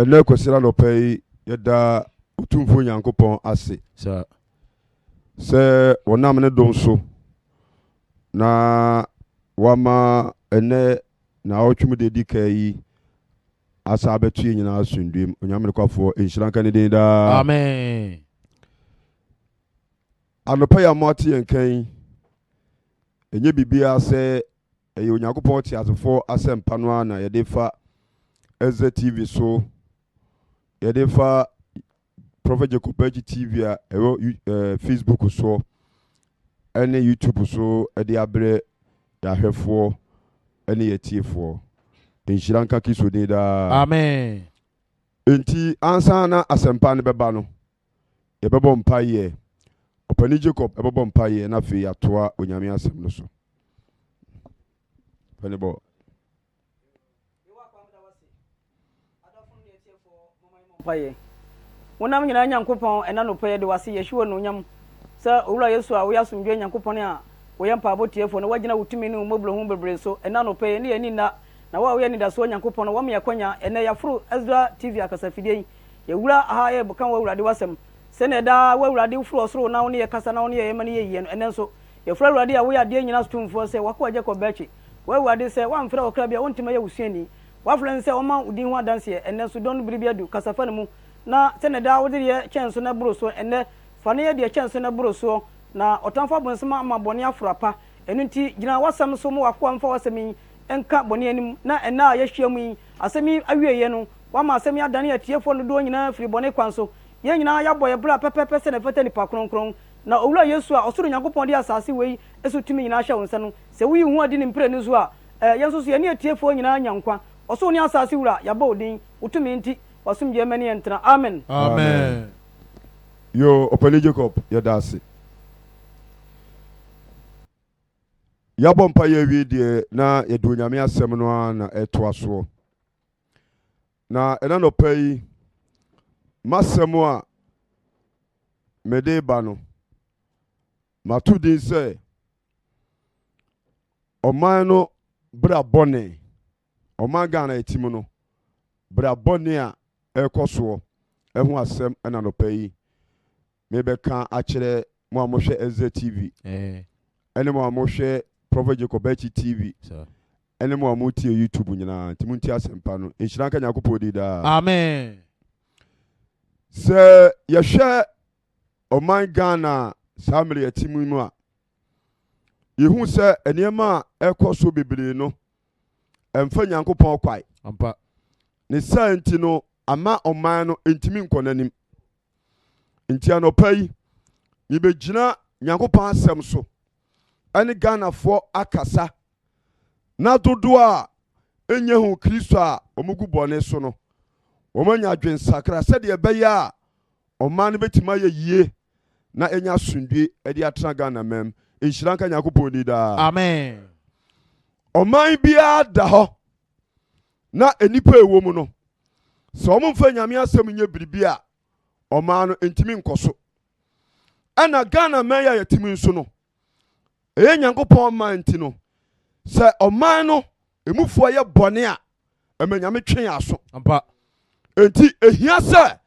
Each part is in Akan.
ɛnɛ kɔsira nɔpɛ yi yɛda otumfo nyankopɔn ase sɛ wɔnam ne dom so na wama ɛnɛ na ɔtwom de di kaa yi asa abɛto yɛ nyinaa asomdwam onyame nhyira nka ne din daa amen anɔpa yi a mo ate yɛn kan ɛnyɛ biribiara sɛ ɛyɛ onyankopɔn te asɛmpa no a na yɛde fa ɛzɛ tv so yɛde fa prophet jacob Eji tv a ɛwɔ uh, facebook soɔ ɛne youtube so ɛde abrɛ yɛahwɛfoɔ ɛne yɛtiefoɔ nhyira nka kristo din daa amen nti ansa na asɛmpa no bɛba no yɛbɛbɔ mpaeɛ ɔpani jacob ɛbɛbɔ mpaeɛ na afei yɛatoa onyame asɛm no so pɛne bɔ mpaeɛ wonam nyinaa nyankopɔn ɛna nopɛyɛ de wase yɛhyiwɔ no onyam sɛ owura yesu a woyɛ asomdwe nyankopɔn a woyɛ mpaabɔ tiefo no woagyina wo tumi ne wo mmɔborɔ ho bebree so ɛna nopɛyɛ ne yɛni nna na wo a woyɛ nidasoɔ nyankopɔn no wɔma yɛkwanya ɛnɛ yɛforo ɛsra tv akasafidie yi yɛwura aha yɛ bɛka wɔ awurade wasɛm sɛnɛ daa wɔ awurade foro ɔsoro na wo ne yɛkasa na wo ne yɛyɛma no yɛyie no ɛnɛ nso yɛforo awurade a woyɛ adeɛ nyina so tomfoɔ sɛ wakɔ agya kɔ bɛakyi wɔ awurade sɛ woamfrɛ ɔkra bi a wo suani wafrɛ no sɛ ɔma wo din ho adanseɛ ɛnɛ so dɔn no biribi adu kasafa no mu na sɛne daa wode deɛ kyɛn so no boro soɔ ɛnɛ fa ne yɛ deɛ kyɛn so no boro soɔ na ɔtamfo abonsɛm ama bɔne aforo apa ɛno nti gyina wasɛm so ma wakoa mfa wasɛm yi nka bɔne anim na ɛnɛ a yɛahyia mu yi asɛm yi awieeɛ no wama asɛm yi adane atiefoɔ no doɔ nyinaa firi bɔne kwan so yɛn nyinaa yɛabɔ yɛ berɛ pɛpɛpɛ sɛ ne nipa kronkron na owura yesu a ɔsoro nyankopɔn de asase wei ɛso tumi nyinaa hyɛ wo nsa no sɛ woyi ho adi ne mprɛ no so a yɛn nso so yɛne atiefoɔ nyinaa nya nkwa ɔsoro ne asase wura yabɔ odin wotumi nti wasomgye mani yɛ ntena amen amen yo ɔpɛni jacob yɛda ase yɛabɔ mpa yɛ awie deɛ na yɛde onyame asɛm no a na ɛtoa soɔ na ɛna nɔpa yi masɛm a mede ba no mato din sɛ ɔman no bra bɔne ọma ghana atim no brabɔne a ɛrekɔ soɔ ɛho asɛm ɛna nɔpa yi mebɛka akyerɛ mo a mohwɛ ɛzɛ tv eh. ɛne mo a mohwɛ tv ɛne mo a motie youtube nyinaa nti montie asɛmpa no nhyira nka nyankopɔn di daa amen sɛ yɛhwɛ ɔman ghana saa mmerɛ mu a yɛhu sɛ nneɛma a ɛrekɔ so bebree no ɛmfa nyankopɔn kwae ne saa nti no ama ɔman no ntumi nkɔ n'anim nti anɔpa yi mebɛgyina nyankopɔn asɛm so ɛne ghanafoɔ akasa na dodoɔ a ɛnya hu kristo a ɔmugu bɔne so no wɔmanya adwensakra sɛdeɛ ɛbɛyɛ a ɔman no bɛtumi ayɛ yie na ɛnya asomdwe de atena ghana mam nhyira nka nyankopɔn ni daa amen Ọman biara da hɔ na nnipa ɛwɔ mu no sɛ ɔmomfa nyame asɛm nyɛ biribi a ɔman no ntumi nkɔ so ɛna ghana man a yɛtumi nso no ɛyɛ nyankopɔn man nti no sɛ ɔman no ɛmufoɔ yɛ bɔne a ɛma nyame twe aso enti ɛhia sɛ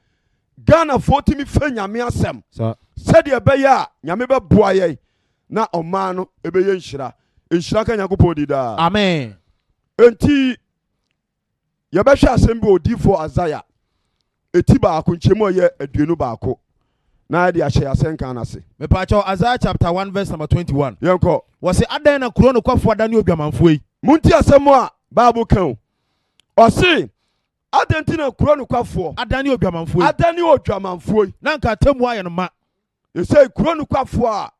ghanafoɔ tumi fa nyame asɛm sɛdeɛ ɛbɛyɛ a nyame bɛboa yɛn na ɔman no ɛbɛyɛ nhyira nhyira nyankopɔn di daa amen enti yɛbɛhwɛ asɛm bi odiifoɔ asaia ɛti baako nkyɛmu a ɛyɛ aduonu baako na yɛde ahyɛ asɛn kan n'ase. mipaakyɛw asaia chapter one verse number twenty one. yɛn kɔ. wɔsi adan na kuro nokwafoɔ adan ne odwamanfoɔ yi. mu nti asɛm a baabu kan o ɔsi adan ti na kuro nokwafoɔ. adan ne odwamanfoɔ yi. adan ne yi. na nka atemu ayɛ no ma. yɛsɛ kuro nokwafoɔ a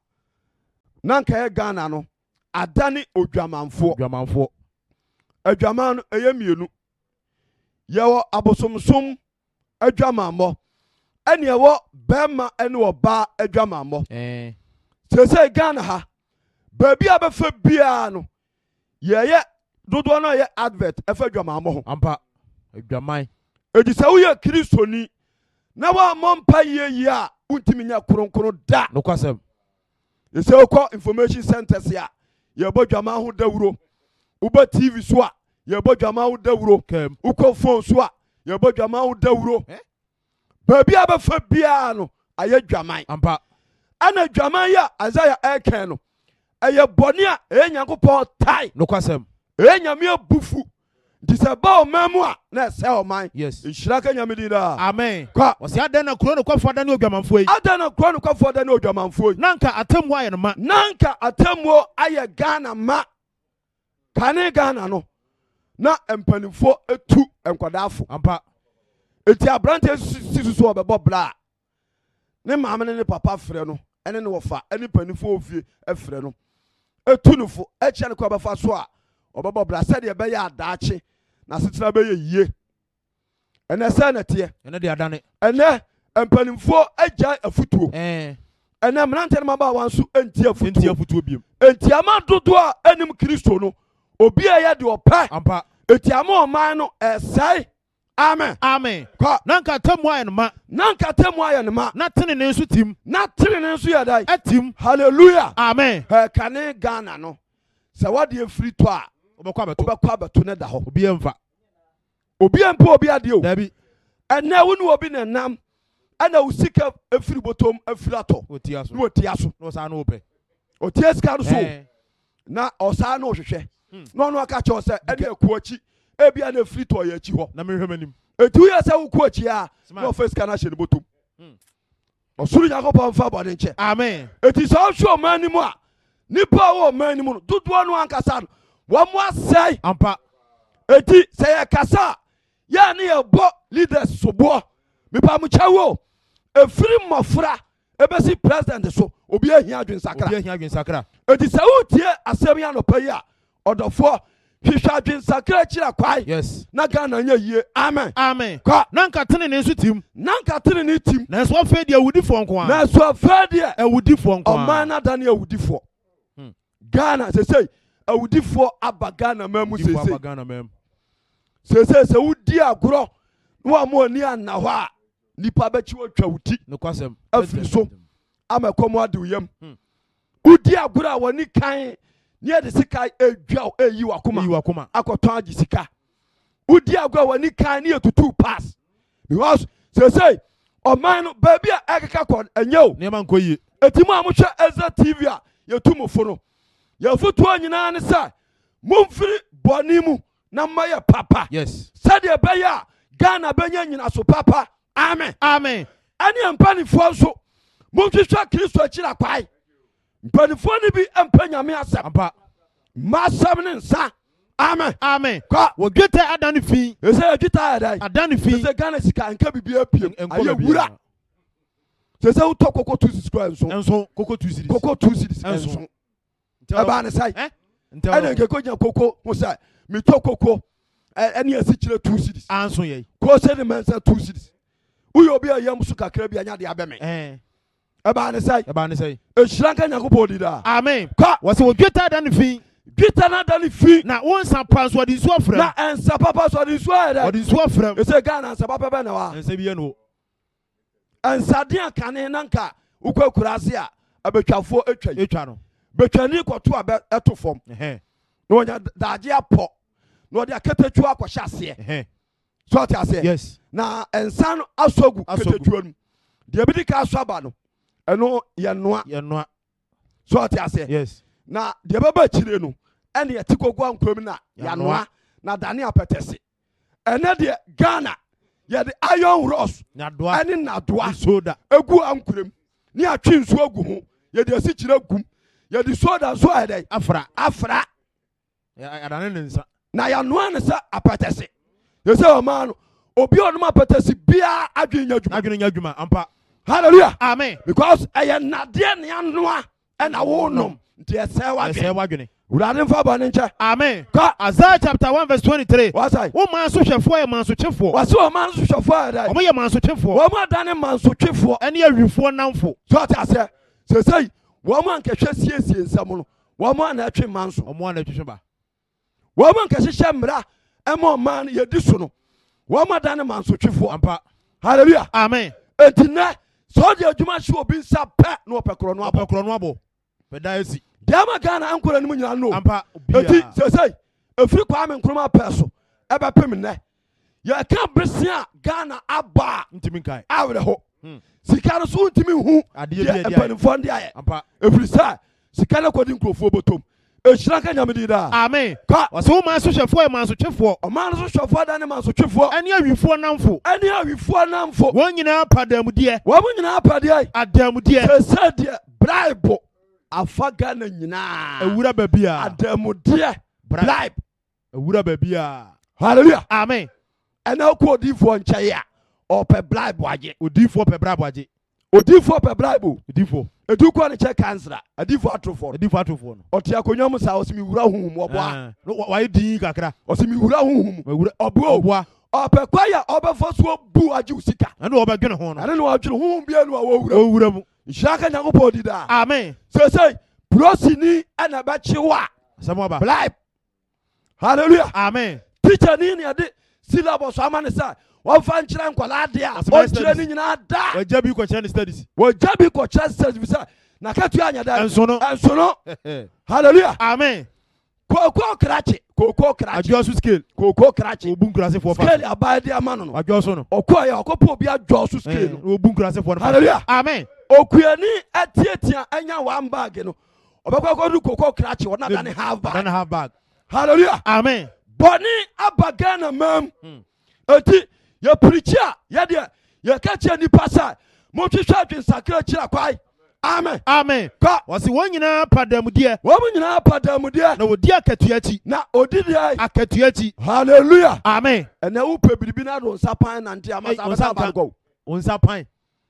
na yɛ ghana no adane odwamanfoɔ dwamanfoɔ adwaman no ɛyɛ mmienu yɛwɔ abosomsom adwamammɔ ɛne ɛwɔ bɛrima ne ɔbaa adwamammɔ seesei ghana ha baabi a bɛfa biara no yɛyɛ dodoɔ no yɛ advert ɛfa adwamammɔ ho ampa adwaman ɛdi sɛ woyɛ kristoni na woammɔ mpa yie yie a wontumi nyɛ kronkron da nokwasɛm ɛsɛ wokɔ information centers a yɛbɔ dwama ho dawuro wobɛ tv so a yɛbɔ dwama ho dawuro wokɔ phone so a yɛbɔ dwama ho dawuro baabi a bɛfa biara no ayɛ dwaman ɛna dwaman yɛ isaiah ɛkɛn no ɛyɛ bɔne a ɛyɛ nyankopɔn tae nokwasɛm ɛyɛ nyame abufu nti sɛ ba ɔman mu a na ɛsɛ ɔman nhyira ka nyame din daa amen kɔ ɔsɛ adɛn na kuro nokwafoɔ da ne odwamanfoɔ yi adɛn na kuro nokwafoɔ da ne odwamanfoɔ yi na nka atammuo ayɛ no ma na nka atammuo ayɛ ghana ma kane ghana no na mpanimfoɔ etu nkɔdaafo ampa eti aberante si soso ɔbɛbɔ braa ne maame ne ne papa frɛ no ɛne ne wɔfa ɛne mpanimfoɔ ofie ɛfrɛ no etu no fo ɛkyɛ ne kɔ ɔbɛfa so a ɔbɛbɔ braa sɛdeɛ ɛbɛyɛ adaakye n'asetena bɛyɛ yie ɛnɛ sɛ na teɛ ɛnɛ de adane ɛnɛ mpanimfoɔ agya afutuo ɛnɛ mmeranteɛ no mmabaawa nso nti afutuo nti afutuo biem ntiama dodoɔ a anim kristo no obi a yɛ de ɔpɛ ampa ntiama ɔman no ɛsɛe amen amen kɔ na nkatamu ayɛ no ma na nkatamu ayɛ no ma na tenene nso tim na tenene nso yɛ dɛ ɛtim hallelujah amen ɛkane ghana no sɛ wɔde efiri tɔ a wobɛkɔ abɛto no da hɔ obia mpa obi adeɛ o ɛnɛ wo ne obi ne nam ɛna wo sika afiri botom afiri atɔ na wɔtia so ɔtia sika no so na ɔsaa ne wohwehwɛ hmm. na ɔno aka kyɛw sɛ ɛne akuo akyi ebia na afiri tɔ yɛ akyi hɔ Etu woyɛ sɛ wokuo akyi a na ɔfa sika no ahyɛ no botom hmm. ɔsoro nyankopɔn mfa bɔne nkyɛ ɛti sɛ ɔhwɛ ɔma anim a nipa a wɔ ɔma anim no dodoɔ ankasa no wɔn asɛe ampa eti sɛ yɛ kasa yɛn ni yɛ bɔ leaders soboɔ mipamukyɛwo efiri mmɔfra ebesi president so obi ehia adwinsakra obi ehia adwinsakra eti sɛ wotie asɛm yi anɔpɛ yi a ɔdɔfoɔ hwehwɛ adwinsakra kyerɛ kwae yes na ghana nyɛ yie amen amen kɔ na nka tene ne nso tim na nka tene ne tim na nso afei deɛ awudifoɔ nko a na nso afei deɛ awudifoɔ nko a ɔman na hmm. Ghana ne awudifoɔ awudifoɔ aba ghana man mu sese sese sɛ wodi agorɔ na wɔn a mo ani ana hɔ a nipa bɛkyi wɔtwa wo ti afiri so ama ɛkɔm adi wo yam hmm. wodi agorɔ a wɔn kan ne yɛ de sika edwa eyi wakoma akɔtɔn agye sika wodi agorɔ a wɔn kan ne yɛ tutu paas because sese ɔman no baabi a ɛkeka kɔ ɛnyɛ nneɛma nkɔ yie eti mu a mo hwɛ ɛzɛ tv a yɛtu mo fo yɛfotoɔ nyinaa ne sɛ momfiri bɔne mu na mmayɛ papa sɛdeɛ ɛbɛyɛ a ghana bɛnya nyinaso papa amen amen ɛne mpanifoɔ nso monhwehwɛ kristo akyiri akwae mpanifoɔ no bi mpa nyame asɛm mma asɛm ne nsa amen amen kɔ wɔdwetɛ ada no fi ɛsɛ yɛdwetɛ ada ada no fi sɛ ghana sika nka bibia piem ayɛ wura sɛ sɛ wotɔ kɔkɔ two series kora nso nso kɔkɔ two series kɔkɔ two series nso ɛbaa ne sɛe ɛna nkeko nya koko ho sɛ metɔ koko ɛne asikyerɛ two cities anso yɛ kose ne mɛnsa two cities woyɛ obi a yam so kakra bi anyade abɛ me ɛbaa ne sɛe ɛbaa ne sɛe ɛhyira nka nyankopɔn di daa amen kɔ wɔ sɛ wɔdwetɛ da ne fi dwetɛ no ada ne fi na wo nsapa nso ɔde nsuo frɛ na ɛnsapa pa so ɔde nsuo ayɛ dɛ ɔde nsuo frɛ ɛsɛ ghana nsapa pɛ bɛ na wa ɛnsɛ bi yɛ no ɛnsade akane na nka wokɔ akuraase a abɛtwafoɔ atwa yi atwa no bɛtwani kɔto a ɛto fam na wɔnya daagye apɔ na wɔde akatakyiwa akɔhyɛ aseɛ so ɔte aseɛ na nsa no asɔ gu akatakyiwa no deɛ bi di ka asɔ aba no ɛno yɛ nnoa so ɔte aseɛ na deɛ bɛba akyire no ɛne yɛte kɔgu ankurom na yɛanoa na dane apɛtɛse ɛnɛ deɛ ghana yɛde iron ross ɛne nadoa egu ankurom ne atwe nsuo gu ho yɛde asikyire gum yɛde soda so ayɛ dɛn afra afra adane ne nsa na yɛnoa ne sɛ apɛtɛse yɛ sɛ ɔma no obi a ɔnom apɛtɛse biaa adwene nya adwuma adwene nya adwuma ampa halleluya amen because ɛyɛ nadeɛ ne anoa ɛna wonom nti ɛsɛe w'adwene w'adwene wurade nfa bɔ ne nkyɛ. amen ka Isaiah chapter one verse twenty three. wasa yi. wọn maa nsọhwɛfoɔ yɛ maa nsọhwɛfoɔ. wasi wọn maa nsọhwɛfoɔ yɛ dɛ. wɔn yɛ maa nsọhwɛfoɔ. wɔn maa dani maa nsọhwɛfoɔ. ɛni awufoɔ nanfo. sɔɔ ti ase sese yi wɔn a nkɛhwɛ siesie nsɛm no wɔn a na ɛtwe mma nso wɔn a na ɛtwe ba wɔn a nkɛhyehyɛ mmira ɛma ɔman no yɛdi so no wɔn a dan ne mansotwifoɔ ampa hallelujah amen eti nɛ sɔɔdi adwuma si obi nsa pɛ na ɔpɛ korɔ no abɔ korɔ no abɔ pɛda esi deɛma ghana ankora no mu nyinaa no ampa obiara eti sɛsɛi efiri kwame nkrumah pɛ so ɛbɛpem nɛ yɛka besia ghana abaa ntumi nkae awerɛ hɔ sika no so wontumi hu mpanimfoɔ nde ayɛ ɛfiri sɛ sika no kɔde nkurɔfoɔ bɔtom ɛhyira nka nyameden daa ame ɔsɛ wo maa sohwɛfoɔ yɛ mansotwefoɔ ɔmaa no sohwɛfoɔ da ne mansotwefoɔ ɛne awifoɔ namfo ɛne awifoɔ namfo wɔn nyinaa pa adamudeɛ wɔn nyinaa pa deɛ adamudeɛ sɛ sɛ deɛ bribe afa ghana nyinaa awura baabi a adamudeɛ bribe awura baabi a hallelujah amen ɛna wokɔ odiifoɔ nkyɛe a ɔpɛ blaibu agye odiifo pɛ blaibu agye odiifoɔ pɛ blaibu odiifoɔ edukɔ ne kyɛ kansra adiifoɔ atorofoɔ no adiifoɔ atorofoɔ ah. no ɔte akonnwa mu sa ɔsi mi wura huhum ɔboa wayɛ dii kakra ɔsi wura huhum ɔboa ɔboa ɔpɛ kwaya ɔbɛfɔ so bu agye osika ɛne ɔbɛdwene ho no ɛne na ɔdwene hohom bia no a wɔwura mu nhyira ka nyankopɔn di daa amen seesei prosini ɛna bɛkye wo a asɛm aba blaib halleluya amen tikya ni ne ɛde silabɔ so ama ne wɔmfa nkyerɛ nkɔlaa deɛ a ɔkyerɛ no nyinaa da wɔgya bi kɔkyerɛ ne studies wɔgya bi kɔkyerɛ studies bi sɛ nakatua anyɛ dɛ ɛnsono ɛnsono hallelujah amen kookoo krakye kookoo krakye adwa so scale kookoo krakye obu nkurase fo fa scale abaade ama no no adwa so no ɔkɔ yɛ ɔkɔpɔ obi adwa so scale no eh, obu fo no hallelujah amen okuani atiatia anya one bag no ɔbɛkɔ akɔdu kookoo krakye wɔn na dane half bag dane half bag hallelujah amen bɔnni abagana ghana mam hmm. eti yɛpirikyi a yɛdeɛ yɛka kyerɛ nnipa sɛ motwehwɛ adwensakra kyerɛ kwae amen amen kɔ wɔsi wɔn nyinaa pa dɛmudeɛ wɔn mu nyinaa pa dɛmudeɛ na odi akatua akyi na odi deɛ akatua akyi hallelujah amen ɛnna wo pɛ biribi na do nsa pan nante ama sa abɛsa abankɔ wo nsa pan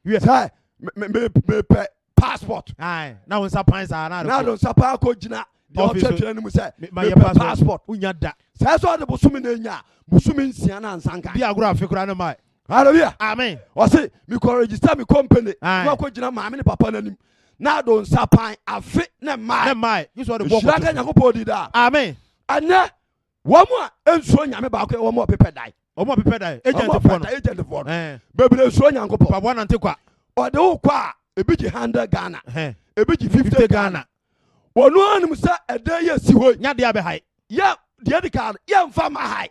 wiɛ sɛ mepɛ passport na wo nsa pan saa na do nsa pan akɔ gyina deɛɔkyerɛkyerɛ no mu sɛ mepɛ passport wonya da sɛ sɛ ɔde bosome no anya a bosome nsia no ansanka bi agorɔ afe koraa no mae hallelujah amen ɔse mekɔ register me company na akɔgyina maame ne papa no anim na adɔ nsa pan afe ne maehyira ka nyankopɔn di daa amen ɛnɛ wɔn a nsuo nyame baako wɔn a ɔpepɛ dae wɔn a ɔpepɛ dae agent foɔ no bebree nsuo nyankopɔn papa nante kwa ɔde wo kɔ a ebi gye hundred ghana ebi gye fifty ghana wɔno anim sɛ ɛdan yɛ si hɔ nyadeɛ bɛhae yɛ deɛ de kaa no yɛmfa ma hae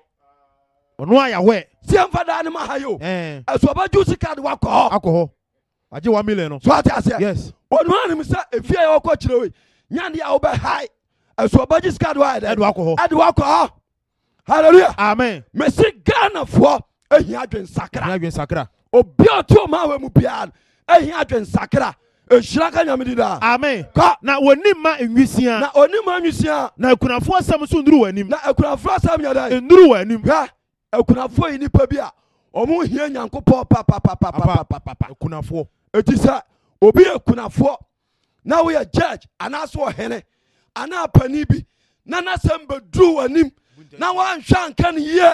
ɔno ayɛwɛ sɛ yɛmfa daa ni ma hae o ɛsɔbɛgye sika de wakɔ hɔ akɔ hɔ agye wa million no so ate aseɛ yes wɔno anim sɛ ɛfie a yɛwɔkɔ kyerɛ wei nyadeɛ a wobɛhae ɛsɔbɛgye sika de waɛdɛ ɛde wakɔ hɔ ɛde wakɔ hɔ hallelujah amen mesi ghanafoɔ ahia adwensakra adwensakra obi a ɔte ɔma wɔ mu biara no ahia adwensakra ehyira ka nyame di ami kɔ na oni ma nwisia. na oni ma nwisia. na ekunafo asam so nduru wɔ anim. na ekunafo asam yɛ dɛ. nduru wɔ anim. hɛ ekunafo yi nipa bi a wɔn hie nyanko pɔ papapapapapa. ekunafo. eti sɛ obi yɛ kunafo na woyɛ judge anaso ɔhene anaa panin bi na n'asɛm bɛ duru wɔ anim na wɔanhwɛ anka yie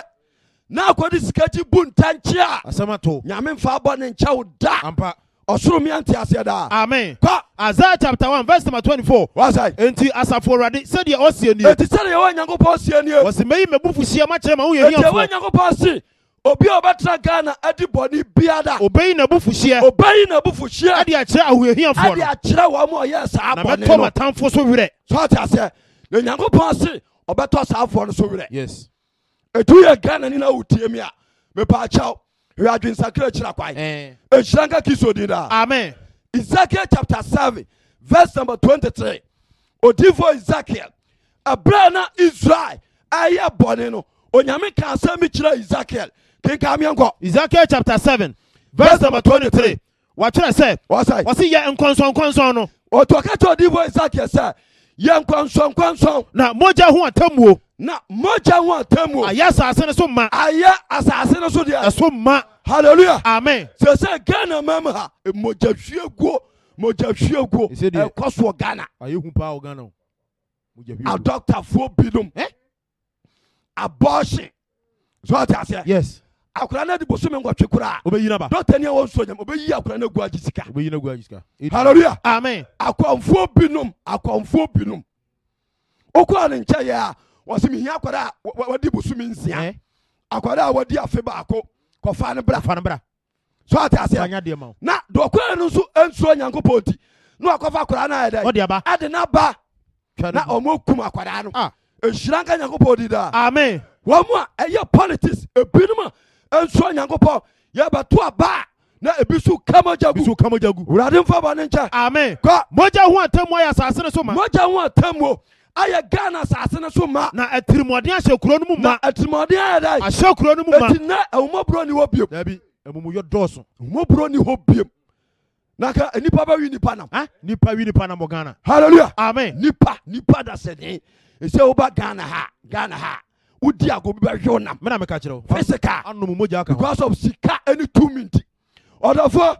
na akɔde sikakyi bu ntɛnkyea. asɛm ato. nyame nfa bɔ ne nkyɛw da. ampa ɔsoro mi ante aseɛ daa. amen kɔ. Isaiah chapter one verse number twenty-four. wáṣáì. enti asafo awurade sẹ́díẹ̀ ɔsie ni. eti sẹ́díẹ̀ wọ́n nyankopɔn sie ni. wɔsi meyi mebufu si ɛma kyerɛ ma wo yɛ hiyan fún. eti wọ́n nyankopɔn si obi a ɔbɛtena ghana adi bɔnni biada. obeyi n'abufuhyeɛ. obeyi n'abufuhyeɛ. adi akyerɛ ahohiafoɔ no. adi akyerɛ wɔn mu ɔyɛ saa bɔnni no. na mɛtɔ matamfo so werɛ. sɔɔti aseɛ na nyankopɔn si ɔbɛtɔ saa afɔ no so werɛ. yes. etu yɛ ghana ni na awo tie mi a mepaakyɛw yɛadwe nsakra kyerɛ kwae eh. ɛhyira nka kristo din daa amen ezekiel chapter 7 verse number 23 odifo ezekiel ɛberɛ na israel ɛyɛ bɔne no onyame ka asɛm bi kyerɛ ezekiel kenka meɛnkɔ ezekiel chapter 7 verse number 23 wɔtwerɛ sɛ wɔse yɛ nkɔnsɔnkɔnsɔn no ɔtɔka kyɛ odifo ezekiel sɛ yɛ nkɔnsɔnkɔnsɔn na mogya ho atamuo na mogya ho atamuo ayɛ asase no so ma ayɛ asase no so deɛ ɛso ma halleluya amen sɛ sɛ ghana mam ha mogya hwie guo mogya hwie guo ɛkɔ soɔ ghana adɔktafoɔ binom abɔhye sɛ ɔte aseɛ yes akora no de bosome nkɔtwe koraa dɔkta ne a wɔnsuo nyam obɛyi akora no agu agye sika hallelujah amen akɔmfoɔ binom akɔmfoɔ binom wokɔa ne nkyɛyɛ a wɔsi mihia akwadaa a wɔdi busumi nsia akwadaa a wɔdi afe baako kɔfa ne bra fa ne bra so ate aseɛ na dɔkura no nso nsuo nyankopɔn ti na wakɔfa akwadaa no ayɛ dɛ ɛde n'aba na wɔn kum akwadaa no nhyira nka nyankopɔn di daa amen wɔn mu a ɛyɛ politics ebinom a nsuo nyankopɔn yɛbɛto aba na ebi so kama jagu ebi so kama jagu wurade nfa ba ne nkyɛn amen kɔ mogya ho atemmu ayɛ asase ne so ma mogya ho atemmu ayɛ ghana asase no so ma na atirimɔden ahyɛ kuro no mu ma na atirimɔden ayɛ dɛ ahyɛ kuro no mu ma eti nɛ ahomaburo ni hɔ biom dabi amumuyɔ dɔɔso ahomaburo ni hɔ biom na ka nipa bɛ wi nipa nam nipa wi nipa nam wɔ ghana hallelujah amen nipa nipa da sɛ den esi woba ghana ha ghana ha wodi ago bi bɛ hwɛ wo nam mena meka kyerɛ wo physical anom mogya ka because of sika ɛne tumi nti ɔdɔfoɔ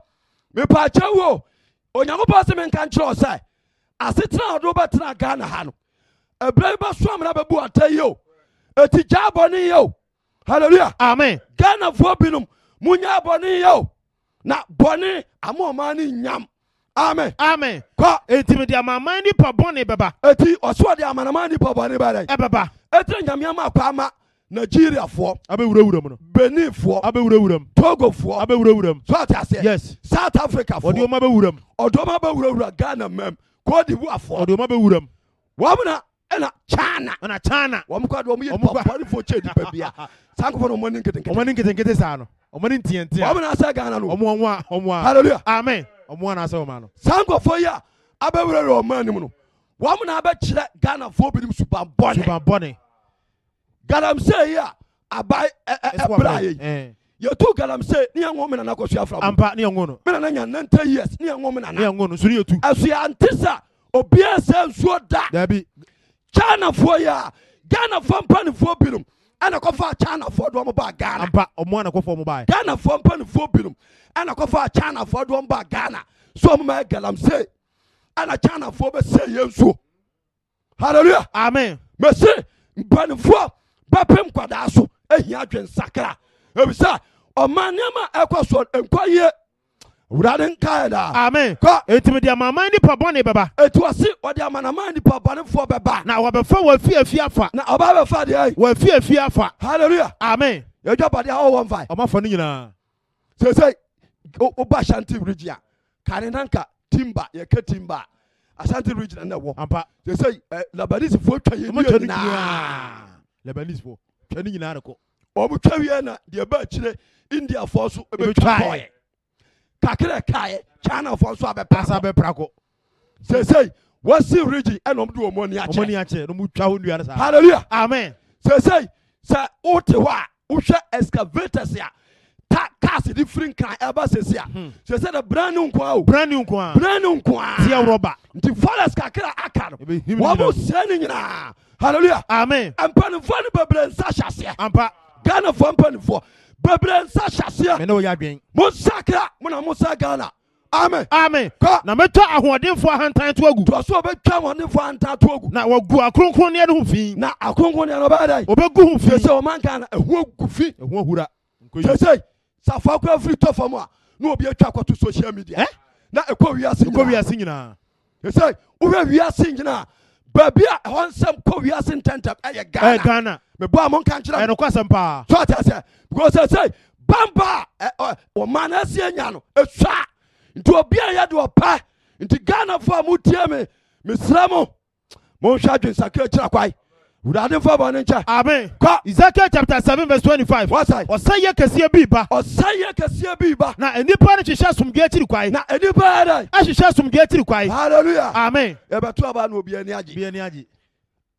mepaakyɛ wo onyankopɔn sɛ menka nkyerɛ wo asetena a ɔde wobɛtena ghana ha no ɛberɛ bɛso amena bɛbu ata yi o ɛti gyaa bɔne yɛ o halleluya amen ghanafoɔ binom monyɛ bɔne yɛ o na bɔne amaɔma no nyam amen amen kɔ enti mede amanaman nipa bɔne bɛba ɛti ɔsɛ ɔde amanaman nipa bɔne bɛdɛ ɛbɛba ɛtira nyameama akɔ ama Nigeria nigeriafoɔ abɛwurawura mu no beninfoɔ abɛwurawura mu togofoɔ abɛwurawura mu so ate aseɛ yes south Africa africafoɔ ɔdeɔma bɛwura mu ɔdeɔma bɛwurawura ghana mam kodivoafoɔ ɔdeɔma bɛwura mu wɔmena ɛna chana ɛna chana wɔn kɔ adi wɔn yɛ pɔpɔlifo kye nipa bia saa nkɔfɔ na wɔn ni nketenkete wɔn ni nketenkete saa no wɔn ni ntiɛntiɛ wɔn na asɛ gana no wɔn wɔn a wɔn a hallelujah amen wɔn eh, eh, eh, a na asɛ wɔn ano saa nkɔfɔ yi a abɛwura yɛ wɔn anim no wɔn na abɛkyerɛ ghana fo bi ni subanbɔne subanbɔne galamsey yi a aba ɛbra yɛ yi yɛtu galamsey ne yɛn wɔn minana kɔ suafra mu ampa ne yɛn wɔn no minana nya nante years ni yɛn wɔn minana ne yɛn wɔn no so ne yɛtu ɛsuya chanafoɔ yi a ghanafoɔ mpanifoɔ binom ɛna kɔfa chanafoɔ dɔm ba ghana aba ɔmo ana kɔfa ɔmo ba yi ghanafoɔ mpanifoɔ binom ɛna kɔfa chanafoɔ dɔm ba ghana so ɔmo ma yɛ e galamsey ɛna chanafoɔ bɛ se yɛn so hallelujah amen mesi mpanifoɔ bɛpem nkwadaa so ehia adwensakra ebisa ɔmo nneɛma ɛkɔ so nkwa yie wurade nkae daa amen kɔ ɛtumi deɛ amanaman nipa bɔne bɛba ɛtu ɔse ɔde amanaman nipa bɔnefoɔ bɛba na wɔbɛfa wɔafiafi afa na ɔba bɛfa deɛ wɔafiafi afa halleluya amen yɛdwa bɔde a wɔwɔ mfae ɔmafa no nyinaa sɛsɛ woba ashanti bridge a kane nanka timba yɛka timba a ashanti bridge na nɛ wɔ ampa sɛsɛ labanisifoɔ twa yɛnua nyinaa labanisifoɔ twa no nyinaa rekɔ ɔmotwa wie na deɛ ba akyire indiafoɔ so ɛbɛtwa kɔɛ kakra kaɛ chinafoɔ nso abɛpasa bɛpra kɔ seesei wɔsi rigi ɛna ɔmo de wɔn ani akyɛ ɔmo ani akyɛ na ɔmo twa ho nnua no hallelujah amen seesei sɛ wote hɔ a wohwɛ excavators a ta cars de firi nkran ɛba seesi a hmm. seesei na brand new nkoa o brand new nkoa brand new nkoa tiɛ rɔba nti forest kakra aka no wɔn mo ne nyinaa hallelujah amen mpanimfoɔ no bebree nsa hyɛ aseɛ ampa ghana fɔ mpanimfoɔ bebree nsa hyaseɛ mene woyɛ adwen monsakra na. mosa ghana amen amen kɔ na mɛtwa ahoɔdenfoɔ ahantan to agu tɔ so ɔbɛtwa ahoɔdenfoɔ ahantan to agu na wɔgu akronkronneɛ no ho fi na akronkronneɛ no ɔbɛyɛ dɛn ɔbɛgu ho fi sɛ ɔman ghana ɛho agu fi ɛho ahura sɛsɛi safoa kora firi tɔ fam a No obi atwa akɔto social media na ɛkɔ wiase nyinaa ɛkɔ wiase nyinaa sɛsɛi wohwɛ wiase nyinaa baabi eh, oh, oh, eh, a ɛhɔ nsɛm kɔ wiase ntɛntɛm ɛyɛ ghana ghana mebɔ a monka nkyerɛ ɛnokɔ asɛm paa so ate sɛ because sɛsei bamba a ɔma no asie nya no ɛsua nti obi a yɛde ɔpɛ nti ghanafoɔ a motie me mesrɛ mo monhwɛ adwensakra kyira kwae wurade nfa bɔ ne nkyɛn. amen kɔ. ezekiel chapter seven verse twenty five. wɔsa yi. ɔsa yɛ kɛseɛ bi ba. ɔsa yɛ kɛseɛ bi ba. na enipa ne hyehyɛ asomdue akyiri kwae. na enipa yɛ dɛ. ɛhyehyɛ asomdue akyiri kwae. hallelujah. amen. yɛ bɛ to a b'a n'obi yɛ ni agye. bi yɛ ni agye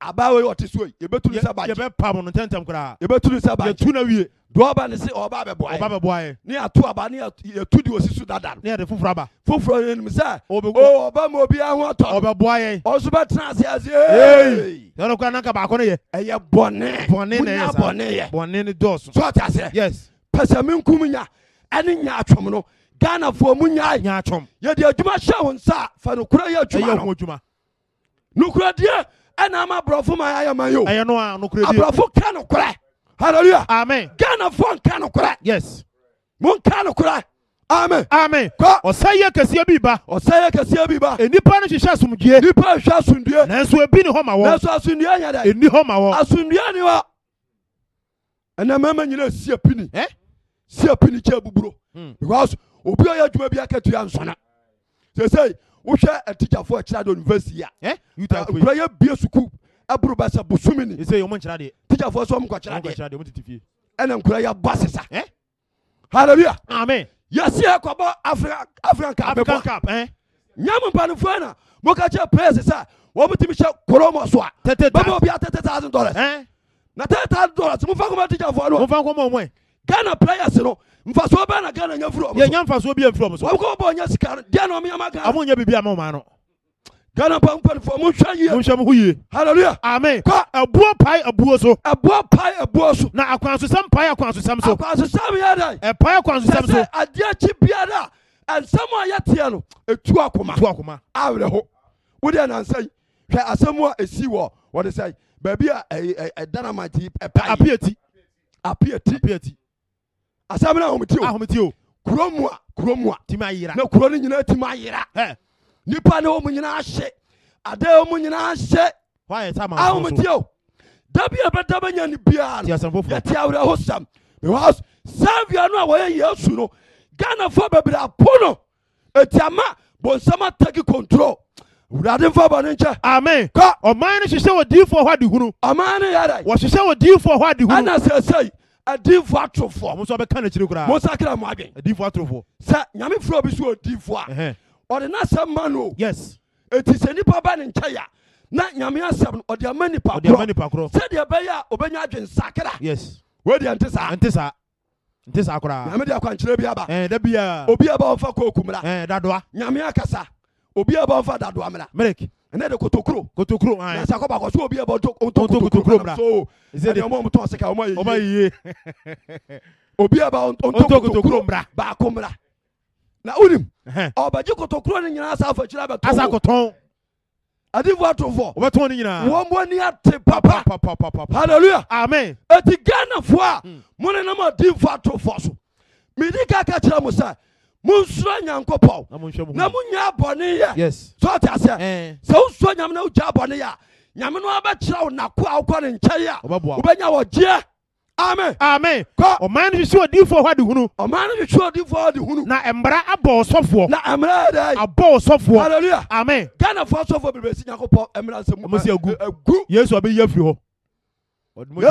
abaawa yi ɔte so yi yɛbɛtu ne nsa ba gye no ntɛntɛm koraa yɛbɛtu ne nsa ba gye yɛtu na wie dɔɔba ne se ɔba abɛboa yɛ ɔba abɛboa yɛ ne yɛato aba ne yɛtu de osi so dada no ne yɛde foforɔ aba foforɔ yɛnim sɛ o ɔba ma obi aho atɔ ɔbɛboa yɛ ɔso bɛtena ase ase ee yɛrɛ kora nanka baako ne yɛ ɛyɛ bɔne bɔne ne yɛ sa bɔne yɛ bɔne ne dɔɔso so ɔte aseɛ yes pɛsɛmi nkum nya ɛne nya atwom no ghanafoɔ mu nya nya atwom yɛde adwuma hyɛ wo nsa fa yɛ adwuma no nokora deɛ ɛna ama aborɔfo ma ayɛ ma yo ɛyɛ no a nokorɛ bi aborɔfo ka nokorɛ hallelujah amen ghanafoɔ no nokorɛ yes no nokorɛ amen amen kɔ ɔsɛyɛ kɛseɛ bi ba ɔsɛyɛ kɛseɛ bi ba nnipa no hyehyɛ asomdue nnipa hyehyɛ asomdue nanso ebi ni hɔ ma wɔ nanso asomdue yɛ dɛ ɛni hɔ ma wɔ asomdue ni hɔ ɛnna mmarima nyinaa si apini eh? si apini kyɛ buburo mm. because obi a ɔyɛ adwuma bi akɛtua nsɔnna sɛsɛyi wohwɛ atikyafoɔ akyerɛ de university a nkura yɛ bie sukuu ɛboro bɛ sɛ bosome ni tikyafoɔ sɛ ɔmkɔkyerɛ deɛ ɛna nkura yɛ ba sesa halleluya yɛsi yɛ kɔbɔ african cup bɛbɔ nyamu mpanimfoɔ na moka kyerɛ players sɛ wɔmutumi hyɛ koromo so a bɛbɔ bi a thirty thousand dollars na thirty thousand dollars mofa nkɔmɔ tikyafoɔ no ghana players no mfasoɔ bɛɛ na ghana nya firi ɔmo yɛnya mfasoɔ bi mfiri ɔmo so wɔbɛkɔ wɔbɔ ɔnya sika no deɛ na ɔmo yɛma ghana ɔmo nya biribi ama ɔmo ano ghana pa mpanimfoɔ mo nhwɛ yie mo nhwɛ mo ho yie hallelujah amen kɔ ɛbuo pae ɛbuo so ɛbuo pae ɛbuo so na akwansosɛm pae akwansosɛm so akwansosɛm yɛ dɛ ɛpae akwansosɛm so sɛ adeɛ kyi biara nsɛm a yɛteɛ no etu akoma tu akoma awerɛ ho wodeɛ nansa yi hwɛ asɛm a esi wɔ wɔde sɛ baabi a ɛdanamati ɛpae apiati apiati apiati asɛm no ahometio kuro mu a kuro mu a timi ayera na kuro no nyinaa timi ayera nipa ne wɔ mu nyinaa hye ada mu nyinaa hye ahometio da bi a bɛda bɛnya ne biaa noyɛte awerɛho sɛm because savia no a wɔyɛ yesu no ghanafoɔ bebree apo no ɛtiama bonsama take control wurade nfa bɔne nkyɛ. amen kɔ ɔman no hyehyɛ wɔ diifoɔ hɔ adihunu. ɔman no yɛrɛ. wɔhyehyɛ wɔ diifoɔ hɔ adihunu. ɛna sɛsɛyi adiifoɔ atorofoɔ mo nso bɛka n'akyiri koraa mo nsa kira mo adwen adiifoɔ atorofoɔ sɛ nyame fura obi so odiifoɔ a ɔde n'asɛm ma yes eti sɛ nipa ba ne nkyɛn ya na nyame asɛm no ɔde ama nipa korɔ ɔde ama nipa korɔ sɛdeɛ ɛbɛyɛ a obɛnya adwen nsakira yes wɔdeɛ nte saa nte saa nte saa koraa nyame de akwankyerɛ bi aba ɛɛ dabi a obi a b'a wɔfa kooku mura ɛɛ dadoa nyame akasa obi a b'a dadoa mura mereki ɛnɛ de kotokuro kotokuro ayi na sakɔba kɔsɔ obi ɛbɔ to ntɔn kotokuro mura so ɛdi ɔmɔ mu tɔn sika ɔmɔ yeye ɔmɔ yeye obi ɛbɔ ntɔn kotokuro mura baako mura na unim ɔbɛgye kotokuro ni nyinaa sa afɔkyerɛ bɛ tɔn asa kotɔn adiifo atunfo ɔbɛ tɔn ni nyinaa wɔn mu ani ate papa hallelujah amen eti ghana fo a mo ni nam adi nfa atunfo so mi di ka kɛ kyerɛ musa. sɛ monsuro nyankopɔn na monya abɔne yɛ sɛ ɔte aseɛ sɛ wosuro nyame na wogya abɔne yɛ a nyame no abɛkyerɛ wo nako a wokɔ ne nkyɛe a wobɛnya wɔgyeɛ amen amen kɔ ɔman no hwehwɛ odiifoɔ hɔ de hunu ɔman no hwehwɛ odiifoɔ hɔ de hunu na mmara abɔ ɔsɔfoɔ na mmara yɛdɛ abɔ ɔsɔfoɔ hallelujah amen ghanafoɔ asɔfoɔ bebree si nyankopɔn mmara se mu ɛsi agu agu yesu abɛyi afiri hɔ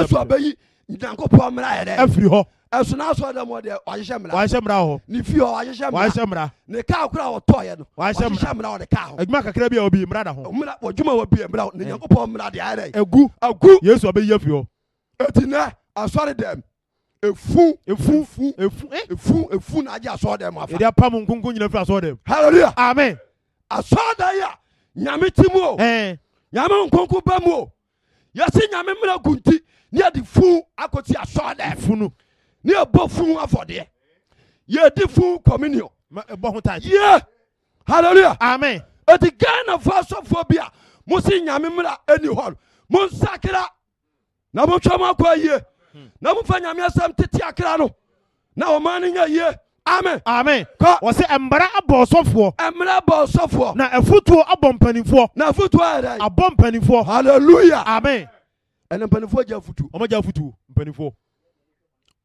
yesu abɛyi nyankopɔn mmara yɛdɛ afiri hɔ ɛso na asɔ dɛm ɔdeɛ wahyehyɛ mmara wahyehyɛ mmara hɔ ne fie hɔ wahyehyɛ mmara wahyehyɛ mmara ne kaa kora a wɔtɔɔyɛ no wahyehyɛ mmara wɔde kaa hɔ adwuma kakra bi a obi mmara da hɔ mmara wɔdwuma wɔ bi mmara ne nyankopɔn mmara de ayɛ egu egu yesu abɛyi afi hɔ eti nɛ asɔre dɛm efu efu efu efu efu efu na agye asɔre dɛm afa yɛde apam nkonko nyina firi asɔre dɛm hallelujah amen asɔre dɛm yi nyame ti mu o nyame nkonko ba mu o yɛsi nyame mmara gu nti ne yɛde fu akɔti asɔre dɛm funu ne ɛbɔ fun afɔdeɛ yɛdi fun communion. ɛbɔ ho taati. yie hallelujah. amen. eti ghana fo asɔfo bi a mo si nyame mura ɛni hɔ mo nsakira na mo twɛ mo akɔ yie na mo fa nyame asɛm tete akira no na ɔman ne nya yie. amen. amen. kɔ wɔsi ɛmara abɔ ɔsɔfoɔ. ɛmara abɔ ɔsɔfoɔ. na ɛfutuo abɔ mpanimfoɔ. na ɛfutuo yɛrɛ. abɔ mpanimfoɔ. hallelujah. amen. ɛnɛ mpanimfoɔ jɛ futu. ɔmɔ jɛ futu mpanimfoɔ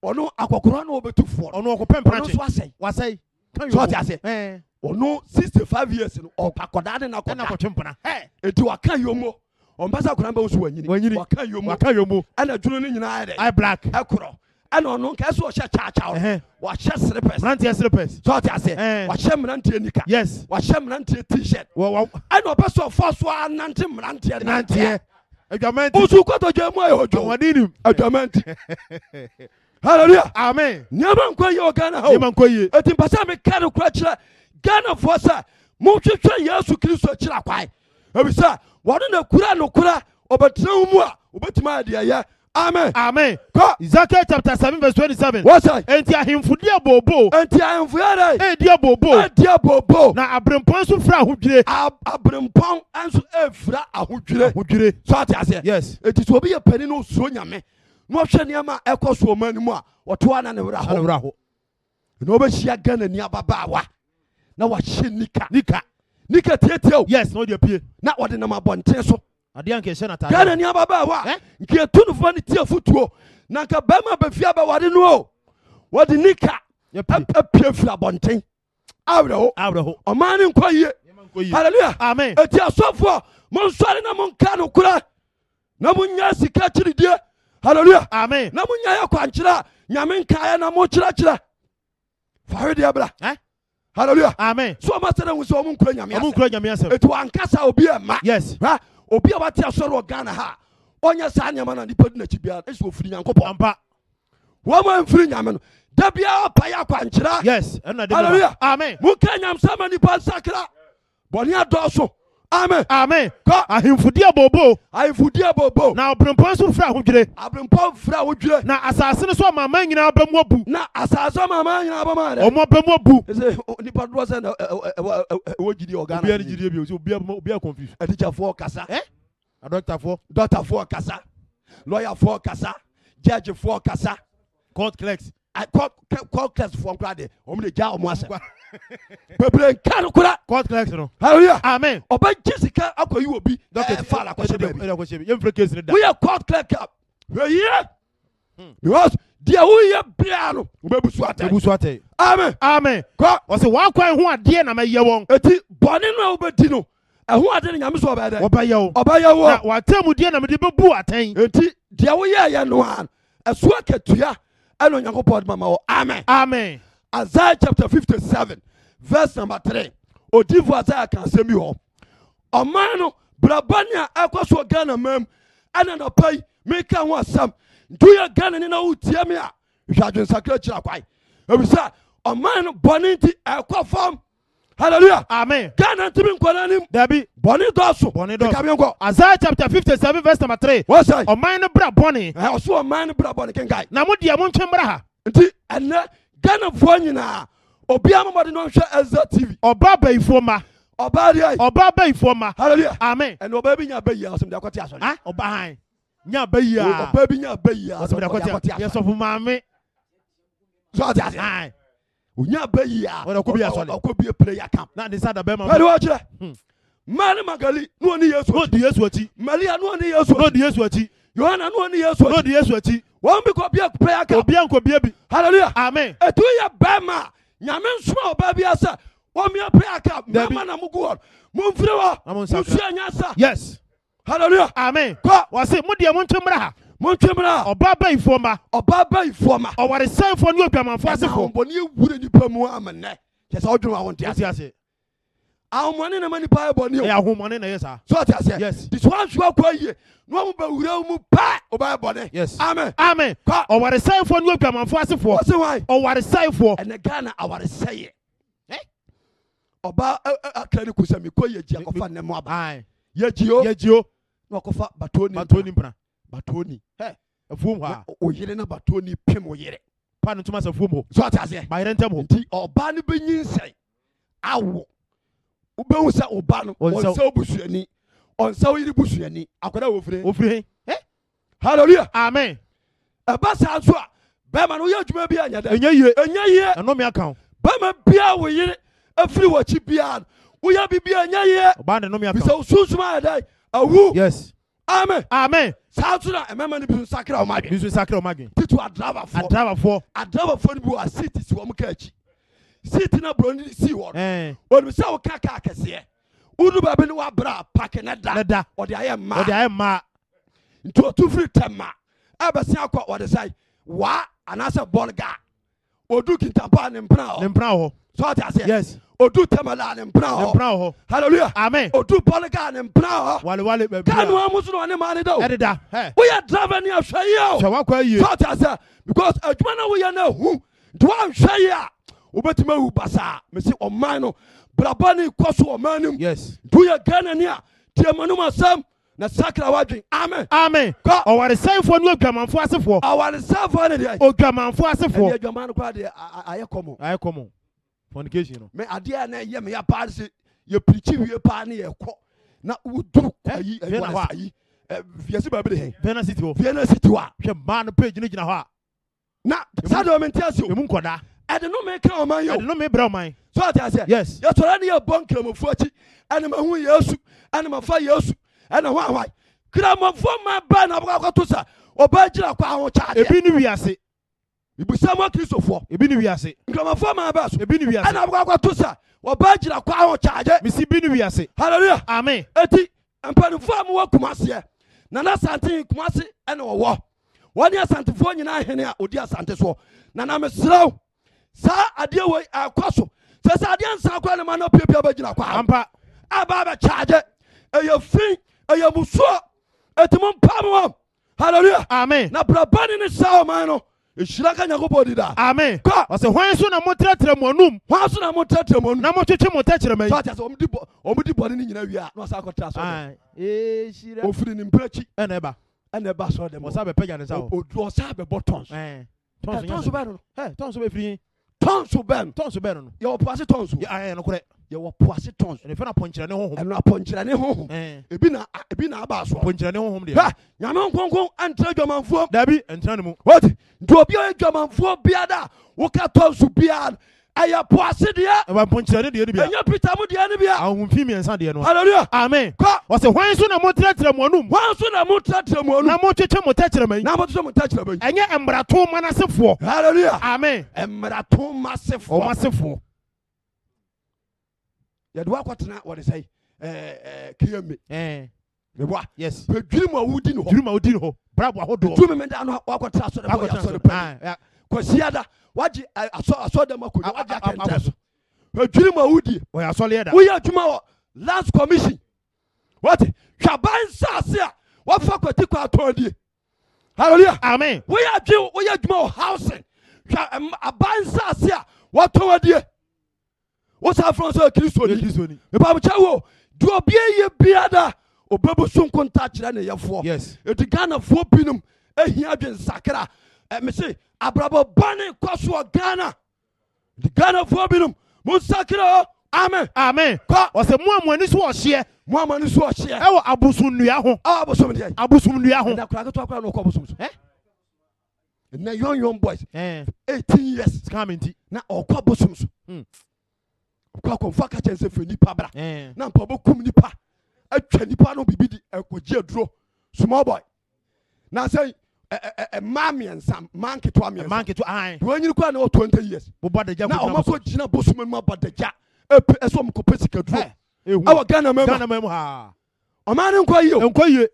ɔno akɔkora na ɔbɛtu fɔ ɔno ɔkɔpɛ mpranche ɔno nso asɛe wasɛe kan yɛ o sɔɔti asɛ ɔno sixty five years no ɔkɔdaa ne nakɔda ɛna kɔtwe mpana eti waka yomo ɔmpasa akora bɛ wusu wanyini wanyini waka yomo waka yomo ɛna dunu ne nyinaa yɛ dɛ ayɛ black ɛkorɔ ɛna ɔno nka ɔhyɛ kyaakyaa no wahyɛ slippers mmeranteɛ slippers sɔɔti asɛ wahyɛ mmeranteɛ nika yes wahyɛ mmeranteɛ t-shirt ɛna ɔbɛ sɔ fɔ so anante mmeranteɛ mmeranteɛ adwamanti osu kɔtɔ dwa mu ayɛ ɔdwɔ wɔn anim hallelujah amen nneɛma nkɔ yie ɔgana hɔ nneɛma nkɔ yie eti mpasa mi ka ne kura kyerɛ ghanafoɔ sa. mo hwehwɛ yesu kristo kyerɛ kwae ebisa wɔde na kura no kura ɔbɛtena mu a ɔbɛtumi adeɛ yɛ amen amen kɔ ezekiel chapter seven verse twenty-seven wɔsɛ eti ahemfo di abobo eti ahemfo yɛrɛ edi abobo edi abobo na abirimpɔn nso fira ahodwire abirimpɔn nso efira ahodwire ahodwire so ate aseɛ yes eti so obi yɛ panyin na osuro nyame na ɔhwɛ nneɛma ɛkɔ so ɔma no mu a ɔtoa na ne werɛ hɔ na ɔbɛhyia ghana ni ababaawa na wahyɛ nika nika nika tietie o yes na ɔde apue na ɔde nam abɔnten so adeɛ nkɛhyɛ na taade ghana ni ababaawa eh? nkeɛtu nofoɔ ne tie fotuo na nka bɛrima bɛfie wadi no o wɔde nika apue firi abɔnten awerɛho awerɛho ɔmaa ne nkɔ yie hallelujah amen eti asɔfoɔ monsɔre na monka kura na monyɛ sika kyiridie Hallelujah, amen na munya yɛ kwankyerɛ nyame nkaeɛ na mokyerɛkyerɛ fawedeɛ bra eh? halleluya amen so ɔma sɛ dɛ hu sɛ ɔmo nkura nyame asɛm ɛti wankasa obi ɛma yes ha obi a wate asɔre wɔ ghana ha ɔnyɛ saa nneɛma na nipa di n'akyi biara ɛsi ofiri nyankopɔn ampa wɔn a nfiri nyame no da biara pa akwankyerɛ yes ɛnna de bi hɔ amen mu kɛ nyamsɛm nipa nsakra bɔnni adɔɔso amen. amen. kọ́ ahemfudie bobo. ahemfudie bobo. na abirimpɔn nso fira ahodwire. abirimpɔn fira ahodwire. na asase no so amaama nyinaa bɛ mu abu. na asase amaama nyinaa bɛ mu adɛ. ɔmo bɛ mu abu. ɛsɛ nipa dodo sɛ ɛwɔ ɛwɔ ɛwɔ jide ɔgan na. obiara jide bi o obiara obiara confuse. ɛtikyɛfoɔ kasa. ɛ adɔkitafoɔ. dɔkitafoɔ kasa lɔyafoɔ kasa jɛjifoɔ kasa. court clerks court clerks fɔ nkura de wɔn de ja wɔn asɛ bebree nka no kura. court clerks no. hallelujah amen. ɔbɛ ji sika akɔ yi wo bi. dɔkita fa la kɔsɛ bɛ wi yɛn fɛ kesi ne da. wiyɛ court clerk a yɛ yɛ because deɛ woyɛ biara no o bɛ busu atɛ. busu atɛ. amen. amen. kɔ ɔsɛ wɔn akɔ ehun adeɛ na ma yɛ wɔn. eti bɔnni naa o bɛ di no ɛho ade ne nyame so ɔbɛyɛ dɛ ɔbɛyɛ wo ɔbɛyɛ wo na wɔatɛmu deɛ na mede bɛbu atɛn enti deɛ woyɛɛyɛ no a ɛso ɛna onyankopɔn de mama wɔ amen amen isaiah chapter fifty-seven, verse number three. odifo isaiah ka asɛm bi hɔ ɔman no braba ne a ɛkɔ so ghana mam ɛna napa yi meka ho asɛm nti woyɛ ghana ne na wotie me a hwɛ adwensakra kyira kwae ɛfisɛ ɔman no bɔne nti ɛkɔ fam hallelujah. amen. ghana ti mi nkɔla ni. dabi. bɔnni dɔ sun. bɔnni dɔ sun. kabi nkɔ. Isaiah chapter fifty seven verse number three. wɔsɛ. ɔman ni bira bɔnni. ɛ ɔsɔ ɔman ni bira bɔnni kankan. na mo diɛ mo ntwɛn bira ha. nti ɛnɛ ghana fɔ nyinaa obi amamadi na ɔhwɛ ɛzɛ tv. ɔba bɛyifo ma. ɔba adiɛ. ɔba bɛyifo ma. hallelujah. amen. ɛnɛ ɔba bi nya bɛyi asɔmi de akɔti asɔli. ah ɔba han nya ti ase onya bɛyi akɔ bie prayer camp ɛde wɔkyerɛ mary magali ne ɔne yesu akyi maria No, ɔne yesu akyi yohana ne ɔne yesu akyi wɔn bi kɔ bie prayer camp obi ankɔ bie bi hallelujah amen etu yɛ bɛrima nyame nsoma ɔbaa bi asa wɔn yɛ prayer camp mɛma na mo gu hɔ mo nfiri hɔ mo sua nyasa yes hallelujah amen kɔ wɔsi mo deɛ mo ntwe ha. montemra ɔba bayifoɔ ma ɔba bayifoɔ ma ɔwaresɛnfoɔ ne odwamanfoɔ asefoɔ bɔne ɛwura nnipa mu amennɛ kyɛ sɛ wodwene wawonte asease ahomɔne nama nipa yɛ bɔne ɛyɛ ahomɔne na ɛyɛ saa so ɔte aseɛ yes This one nti so wansoa kɔ yie na wɔn bɛwura mu paa ɔbɛyɛ bɔne yes amen amen the kɔ ɔwaresɛnfoɔ ne odwamanfoɔ asefoɔ ɔse wan ɔwaresɛnfoɔ ɛnɛ ghana awaresɛyɛ ɔba akra ne kusa mekɔ yɛgyi akɔfa nnɛ mu aba yɛgyio yɛgyio na ɔkɔfa batoni batoni mpena batoni ɛfuom hɔ a oyere na batoni pem wo yere pa no ntoma sɛ fuom hɔ so ate aseɛ bayerɛ ntɛm hɔ nti ɔba no bɛnyi nsɛn awo wobɛhu sɛ woba no ɔnsɛ wo busuani ɔnsɛ wo yere busuani akwadaa wɔfire wɔfire he hallelujah amen ɛba saa nso a bɛrima no woyɛ adwuma bi anyɛ dɛ ɛnyɛ yie ɛnyɛ yie ɛnome aka ho bɛrima biara wo yere afiri w'akyi biara no woyɛ biribi a ɛnyɛ yie ɔbaa ne nome aka ho bisɛ wo dɛ awu yes amen. amen. saa nso na mmarima no bi nsakra wɔn adwene. bi nso nsakra wɔn adwene. titu adrabafoɔ. adrabafoɔ. adrabafoɔ no bi wɔ a siiti si wɔn kaa akyi siiti na buroni si wɔn. wɔn sɛ wɔka kaa kɛseɛ wudu baabi ni wabra paaki ne da. ne da ɔde ayɛ mmaa. ɔde ayɛ mmaa. nti o tu firi tɛma ɛbɛsi akɔ ɔde sɛ waa anaasɛ bɔl gaa odu kintapa ne mpena hɔ ne mpena hɔ so ɔte aseɛ yes odu tɛmɛla ne mpena hɔ ne mpena hɔ hallelujah amen odu bɔliga ne Wale wale. waliwali bɛbi a kanu amusu na ɔne maa ne da o ɛdeda hɛ woyɛ driver ni ahwɛ yi o sɛwa kɔ yie so ɔte aseɛ because adwuma na woyɛ na ehu nti wa nhwɛ yi a wobɛtumi awu basaa mesi ɔman no braba ni kɔ so ɔman nim yes nti woyɛ ghana ni a tiɛmɛnum asɛm na sakra wadwin amen. amen kɔ ɔwaresɛnfoɔ ni odwamanfoɔ asefoɔ. ɔwaresɛnfoɔ ni deɛ. odwamanfoɔ asefoɔ. ɛdi odwaman no kɔ adeɛ ayɛ kɔmɔ. ayɛ kɔmɔ fornication no. mɛ adeɛ yɛn yɛ mɛ yɛ paa se yɛ pirikyi wie paa ne yɛ kɔ na wuduru eh, ayi ɛwɔ eh, hɔ ayi fiase eh, baabi de hɛn. vienna city wɔ. vienna city wɔ a. hwɛ mmaa no page ne gyina hɔ a. na sadɔ mi n tɛ so. emu nkɔda. ɛdi nu mi kira ɔman yɛ o. ɛdi nu mi bira ɔman. sɔ ati ase. yes. yɛsɔrɔ ni yɛ bɔ nkiramofu akyi ɛni ma hu Yesu ɛni ma fa Yesu ɛna wa wa. kramɔfoɔ ma ba na wɔkɔ akɔto sa ɔbaa gyina kɔ aho kyaadeɛ ebi ne wiase ibusa mɔ kristofoɔ ebi ne wiase nkramɔfoɔ ma ba so ebi ne wiase ɛna wɔkɔ akɔto sa ɔbaa gyina kɔ aho kyaadeɛ misi bi ne wiase hallelujah amen eti mpanimfoɔ a mo wɔ kumaseɛ nana asante kumase ɛna wɔwɔ wɔne asantefoɔ nyinaa hene a ɔdi asante soɔ nana mesrɛ wo saa adeɛ wei ɛkɔ so sɛ sɛ adeɛ nsa kora ne ma na piapia bɛgyina kɔ ampa aba bɛkyaagye ɛyɛ fi ɛyɛ musuo ɛtumi mpam wɔm hallelujah amen na brabani ne saa ɔman no ɛhyira ka nyankopɔn di daa amen kɔ ɔsɛ hwan so na motrɛtrɛ mo anum hwan so na motrɛtrɛ mo anum na motwetwe mo tɛkyerɛma yi sɛ ɔmde ɔmde bɔne no nyina wie a na ɔsa akɔtra sɔ ɛhyira ɔfiri ne mprɛkyi ɛna ɛba ɛna ɛba sɔ dɛm ɔsa bɛpɛgya ne sa ɔsa bɛbɔ tɔns tɔns bɛfiri tɔnso bɛn no tɔnso bɛn no no yɛwɔ poase tɔnso yɛ ah, nokorɛ yɛwɔ poase tɔnso ɛno fɛn apɔnkyerɛne honhom ɛno ne honhom ebi na ebi na aba so apɔnkyerɛne honhom deɛ hɛ nyame nkonkon ɛntena dwamanfoɔ dabi ɛntena ne mu wɔti nti obi a ɔyɛ dwamanfoɔ biada, woka tɔnso biara ɛyɛ po ase deɛ ɛwɔ mpɔnkyerɛne deɛ no bia ɛnyɛ pita mu deɛ no bia ahomfi mmiɛnsa deɛ no aleluya amen kɔ ɔsɛ hwan so na motrɛtrɛ mo anom hwan so na motrɛtrɛ mo anom na motwetwe mo tɛkyerɛma yi na motwetwe mo tɛkyerɛma yi ɛnyɛ mmarato ma no asefoɔ aleluya amen mmarato ma asefoɔ ɔma asefoɔ yɛde woakɔtena wɔde sɛ kame meboa yes pɛdwiri mu a wodi ne hɔ dwiri ma wodi ne hɔ brabo ahodoɔ tumi meda no wakɔtena asɔre pa yɛ asɔre pa kɔsiada wagye asɔdɛm akonnwa wagye akɛntɛ so adwiri ma wodie ɔyɛ asɔleɛ da woyɛ adwuma wɔ last commission wɔte hwaban nsase a wɔfa kwati kɔ atɔn die hallelujah amen woyɛ adwi woyɛ adwuma wɔ housing hwa aban nsase a wɔtɔn adie wosan fɔlɔ sɛ kristo ni kristo ni ìbámukyɛ wo di obi eye bia da obebu sunkunta kyerɛ ne yɛfoɔ yes eti ghana foɔ binom ehia adwi nsakra mese abrabɔ bane kɔ soɔ ghana nti ghanafoɔ binom monsakra ame ame kɔ ɔsɛ mo a mo ani so ɔhyeɛ mo a mo ani so ɔhyeɛ ɛwɔ abosomnnua ho ɛwɔ abosomdeɛ abosomnnua ho ɛnna kora ketewa kora na ɔkɔ abosom so ɛnna young young boys eighteen years sikaamin ti na ɔkɔ abosom so hmm. ɔkɔ akɔnfɔ akakyɛ nsɛ fɛ nipa bra na mpa ɔbɛkum nipa atwa nipa no bibi di ɛkɔgye aduro small boy na sɛn mmaa eh, eh, eh, mmiɛnsa mmaa nketewa mmiɛnsa manketo an wɔn nyiri kura na wɔ twenty years bobɔ adagya na wɔn akɔ gyina bosoma mu abɔ adagya epe ɛsɛ wɔn kɔpɛ sika duro ehu awɔ ghana mɛma ghana mɛma haa ɔmaa ne nkɔ yie o nkɔ yie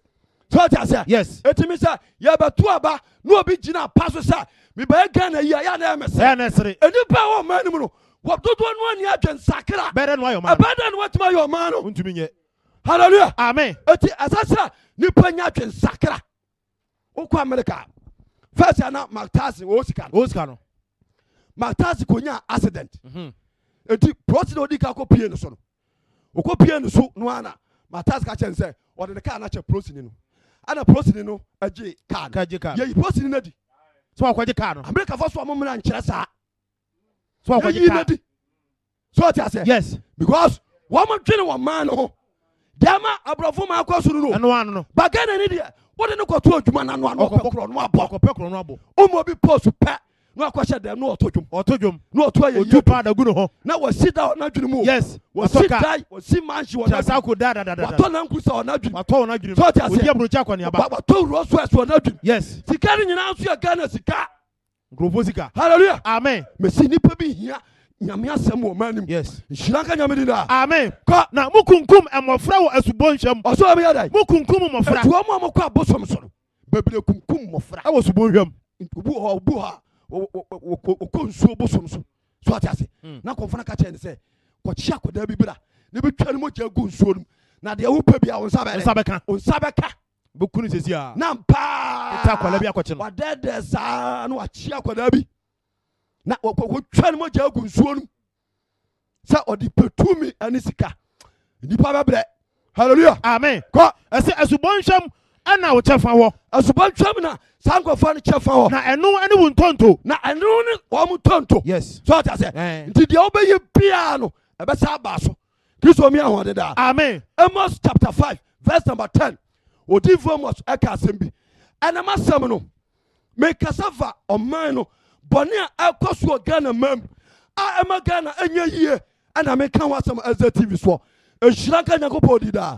so ɔte aseɛ yes etimi sɛ yɛbɛto aba na obi gyina apa so sɛ mibɛyɛ ghana yie ayɛ anayɛ mɛsɛ ɛyɛ na ɛsere enipa a wɔn mmaa no mu no wɔ dodoɔ no ani adwe nsakra bɛrɛ no ayɔ maa no ɛbɛyɛ dɛ no wɔtuma ayɔ maa no ntumi nyɛ hallelujah amen eti asase a nipa nya adwe nsakra wokɔ america first ana mactasi wɔwɔ sika no wɔwɔ sika no mactasi konya accident mhm. eti prɔsi na odi ka kɔ pie ne so no okɔ pie ne so no ana mactasi ka kyɛn sɛ ɔde ne kaa na kyɛ prɔsi ni no ana prɔsi ni no agye kaa no yɛyi prɔsi ni na di so ɔkɔ gye kaa no america fɔ so ɔmo mu na nkyerɛ saa so ɔkɔ gye kaa yɛyi na di so ɔte ase yes because wɔn mo twene wɔn maa no ho dɛma aborɔfo maa kɔ so no no ɛno ano no bagana ni deɛ wode ne kɔto adwuma na noa nɔpɛkorɔ no abɔkɔpɛkorɔ no abɔ ɔma bi pos pɛ na wakɔhyɛ dɛm na ɔto dwom ɔto dwom na ɔto ayɛ yie paa da gu no hɔ na wasi da ɔna dwene mu yes wasi da wasi manhye wɔ n'adwene mu da da da da watɔ na nkusa ɔna dwene watɔ ɔna dwene mu sɔɔti ase odi aburokyi akɔniaba watɔ wuro so ɛso ɔna dwene yes sika ne nyinaa nso yɛ ghana sika nkurɔfoɔ sika hallelujah amen mesi nipa bi hia nyame asɛm wɔ ma nim nhyira nka nyame dida amen kɔ na mokunkum mmɔfra wɔ asubɔnhwɛm ɔsoro bɛyɛ dɛn mokunkum mmɔfra ɛti wɔn mu a mokɔ abosom so no bebree kunkum mmɔfra ɛwɔ subɔnhwɛm obu hɔ obu hɔ a wɔkɔ nsuo bosom so so ate ase hmm. na kɔmfa no ka kyerɛ ne sɛ kɔkye akɔdaa bi bra na bɛtwa no mogya gu nsuo no mu na deɛ wopɛ bia wo nsa bɛka wo nsa bɛka bɛku no sɛsi a na mpaa ɔdɛdɛ saa na wakye akɔdaa bi na wɔkɔkɔtwa no mogya agu nsuo no sɛ ɔde pɛtumi ane sika nnipa bɛbrɛ halleluya amen kɔ ɛsɛ asubɔnhwɛm ɛna wo kyɛfa wɔ asubɔntwam na saa nkɔfoɔ no kyɛfa wɔ na ɛno ne wo ntonto na ɛno ne wɔm ntonto yes so ɔta sɛ nti deɛ wobɛyɛ biaa no ɛbɛsa aba so kristo mi ahoɔden daa amen amos chapter five verse number ten odiifoɔ amos ɛka asɛm bi ɛnam asɛm no mekasa fa ɔman no bɔne a ɛkɔ soɔ ghana mam a ɛma ghana ɛnyɛ yie ɛna meka ho asɛm ɛsɛ tv soɔ ɛhyira nka nyankopɔn di daa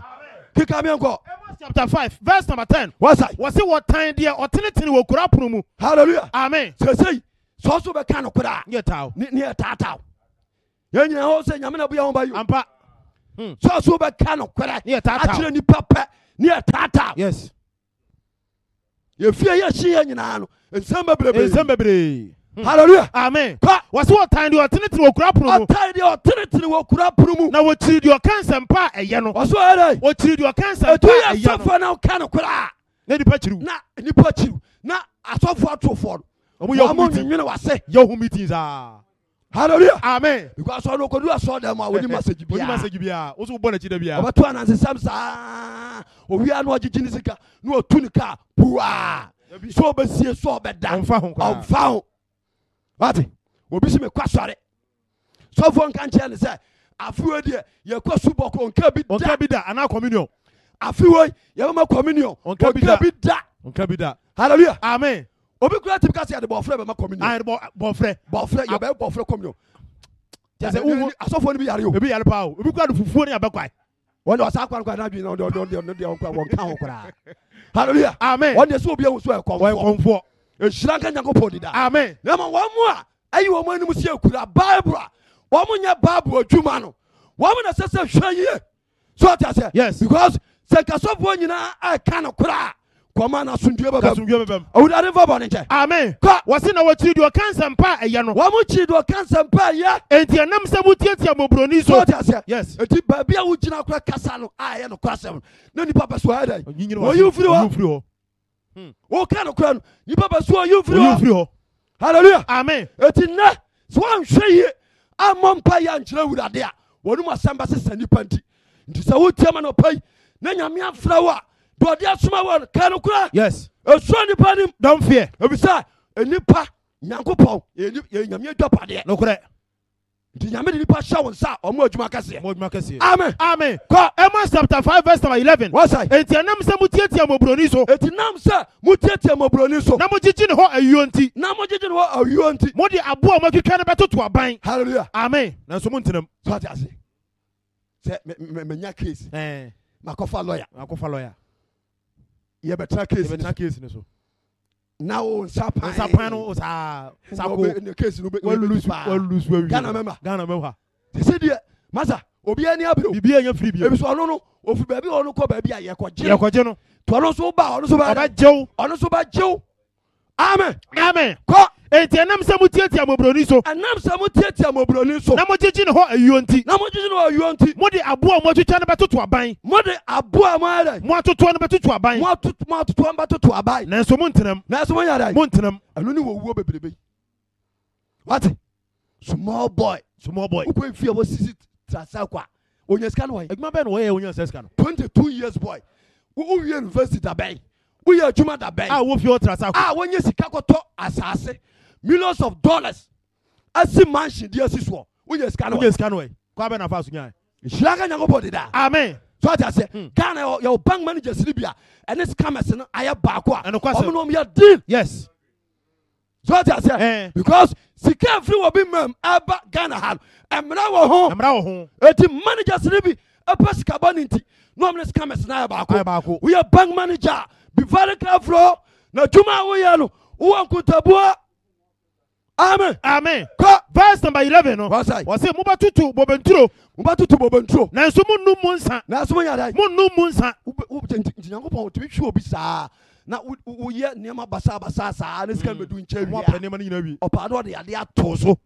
kika meɛnkɔ chapter five, verse number ten. 10 wɔsai wɔse wɔtan deɛ ɔtenetene wɔ kura pono mu Hallelujah. amen sɛsei sɛ hmm. so bɛka no koraa ne yɛ taataw yɛn nyina hɔ sɛ nyame na boyɛ ho ba yo ampa sɛ so bɛka no korɛ akyerɛ nnipa pɛ ne yɛ taataw yes yɛfie yɛhye yɛ nyinaa no nsɛm bebrebe nsɛm bebree Hmm. hallelujah. amen. ka wɔsi ɔtan deɛ ɔtenetene wɔ kura pono mu. ɔtan deɛ ɔtenetene wɔ kura pono mu. na wɔkyiri deɛ ɔka nsɛmpa a ɛyɛ no. wɔsi ɔyɛ dɛ. wɔkyiri deɛ ɔka nsɛmpa a ɛyɛ no. etu yɛ sɔfo na ɔka no koraa. na nipa kyiriw. na nipa kyiriw na asɔfo atofoɔ no. ɔmu yɛ ɔmu nyinyi wa se. yɛ ɔmu mitin saa. hallelujah. amen. because ɔno kodu asɔ dɛm a oni eh, eh. masaji biara. oni masaji biara o so bɔ n'akyi dɛ biara. ɔbɛto anansesam saa owia no ɔgyegye ne sika na otu ne kaa puwaa so obesie so ɔbɛda ɔnfa ho wate obi si mekɔ asɔre sɔfoɔ nka nkyerɛ ne sɛ afewe deɛ yɛkɔ subɔ ko nka bi da bi da anaa communion afewe yɛbɛma communion nka bi da nka bi da hallelujah amen obi kura tibi ka se yɛde bɔfrɛ bɛma communion ayɛ bɔ bɔfrɛ bɔfrɛ yɛbɛ bɔfrɛ communion tẹsẹ uhu asọfo ni bi yari o ebi yari pa o ebi kura fufuo ni abakwa wọn de ọsàn akpari kura n'adu yi na ọdọ ọdọ ọdọ ọdọ ọdọ ọdọ ọdọ ọdọ ọdọ ọdọ hallelujah amen wọn de sọ obi ewu sọ ẹkọ nfọ ẹkọ nfọ ɛhyira nka nyankopɔn dida amen na ma wɔn mu a ayi wɔn anim sɛ akura bible a wɔn nyɛ bible adwuma no wɔn na sɛ sɛ hwɛ yie so ɔte aseɛ yes because sɛ kasɔfoɔ nyinaa ɛka no koraa kɔma na asundue bɛ bɛm asundue bɛ bɛm awurade nfa bɔ ne nkyɛn amen kɔ wɔsi na wɔkyi deɛ ɔka nsɛmpa ɛyɛ no wɔn kyi deɛ ɔka nsɛmpa ɛyɛ eti ɛnam sɛ mo tiatia mobroni so so ɔte aseɛ yes eti baabi a wogyina kora kasa no a ɛyɛ no kora sɛm na nipa bɛ so ayɛ dɛ wɔyi firi hɔ woka no kora no nnipa bɛsoa ɔyimfiri hɔ Hallelujah. amen ɛti nnɛ sɛ woanhwɛ yie ammɔ mpa yɛ ankyerɛ awurade a wɔnom asɛm bɛsesa nnipa nti nti sɛ wotia ma no ɔpa yi na nyame afrɛ wo a deɛ ɔde asoma wɔ no ka no kora yes ɛsua nnipa nim dɔmfeɛ ɛfisɛ nnipa nyankopɔn yɛ nyame adwapadeɛ nti nyame de nipa hyɛ wo nsa ɔmo adwuma kɛseɛ amen amen kɔ ɛma chapter five verse number eleven wɔsɛe enti ɛnam sɛ mutiatia mɔburoni so enti nam sɛ mutiatia mɔburoni so na mogyegye ne hɔ ayuo nti na mogyegye ne hɔ ayuo nti mode aboa a moatwitwa no bɛtoto aban halleluya amen nanso montenam so ate ase sɛ manya case makɔfa lɔya makɔfa lɔya yɛbɛtena case yɛbɛtena case ne so na o nsa pan nsa pan no saa eh, sako ne case no bɛ lose paa wɔn lose wɔn wi ghana mɛma ghana mɛma sisi deɛ masa obi ani abiri o bibi yɛ nye firi bi ebi so ɔno oh, no ofi baabi ɔno kɔ baabi a yɛkɔ gye yɛkɔ gye no tɔ ɔno so ba ɔno so ba ɔbɛ gyew ɔno so ba gyew amen. amen. kọ́. eti ɛnam sɛ mo tiatia mɔbroni so. ɛnam sɛ mo tiatia mɔbroni so. na mo gyigyi ne hɔ ayuo nti. na mo gyigyi ne hɔ ayuo nti. mo de aboa mo atwitwa no bɛtoto aban. mo de aboa mo ayɛ dɛ. mo atotoɔ no Tutu aban. mo atoto mo atotoɔ no bɛtoto aban. nanso mo ntenam. nanso mo yɛ dɛ. mo ntenam. ɛnu ni wo wuo bebrebe. wati small boy. small boy. o ko efi a wo sisi tirasa kwa onye sika ni wɔyɛ. edwuma bɛɛ ni ni. twenty two years boy wo university abɛn woyɛ adwuma da bɛn a wofie ɔtrasa a wɔnyɛ sika kɔtɔ asase millions of dollars asi mansion di asi soɔ woyɛ sika no woyɛ sika no ɛ kɔ abɛ nafa so nyaa nhyira ka nyankopɔn deda amen so ɔte ase ghana yɛwɔ bank manager sini bia ɛne scammers no ayɛ baako a ɔmo no ɔmo yɛ deal yes so ɔte ase because sika efiri wɔ bi mɛm ɛba ghana ha no ɛmira wɔ ho ɛmira wɔ ho eti manager sini bi ɛpɛ sika bɔ ne nti na ɔmo ne scammers no ayɛ baako woyɛ bank manager bifare kafuro na juma woyɛ no wowɔ nkotaboa amen. amen. kɔ. verse number eleven no. wasa yi. wɔsi mo bɛ tutu bobenturo. mo bɛ tutu bobenturo. nanso mo nu mu nsa. nanso mo yàrá yi. mo nu mu nsa. ntiyanko pɔn o ti fi obi saa na woyɛ nneɛma basabasa saa ne sika mm. bɛdu nkyɛ ɔpaa ne ɔde adeɛ ato so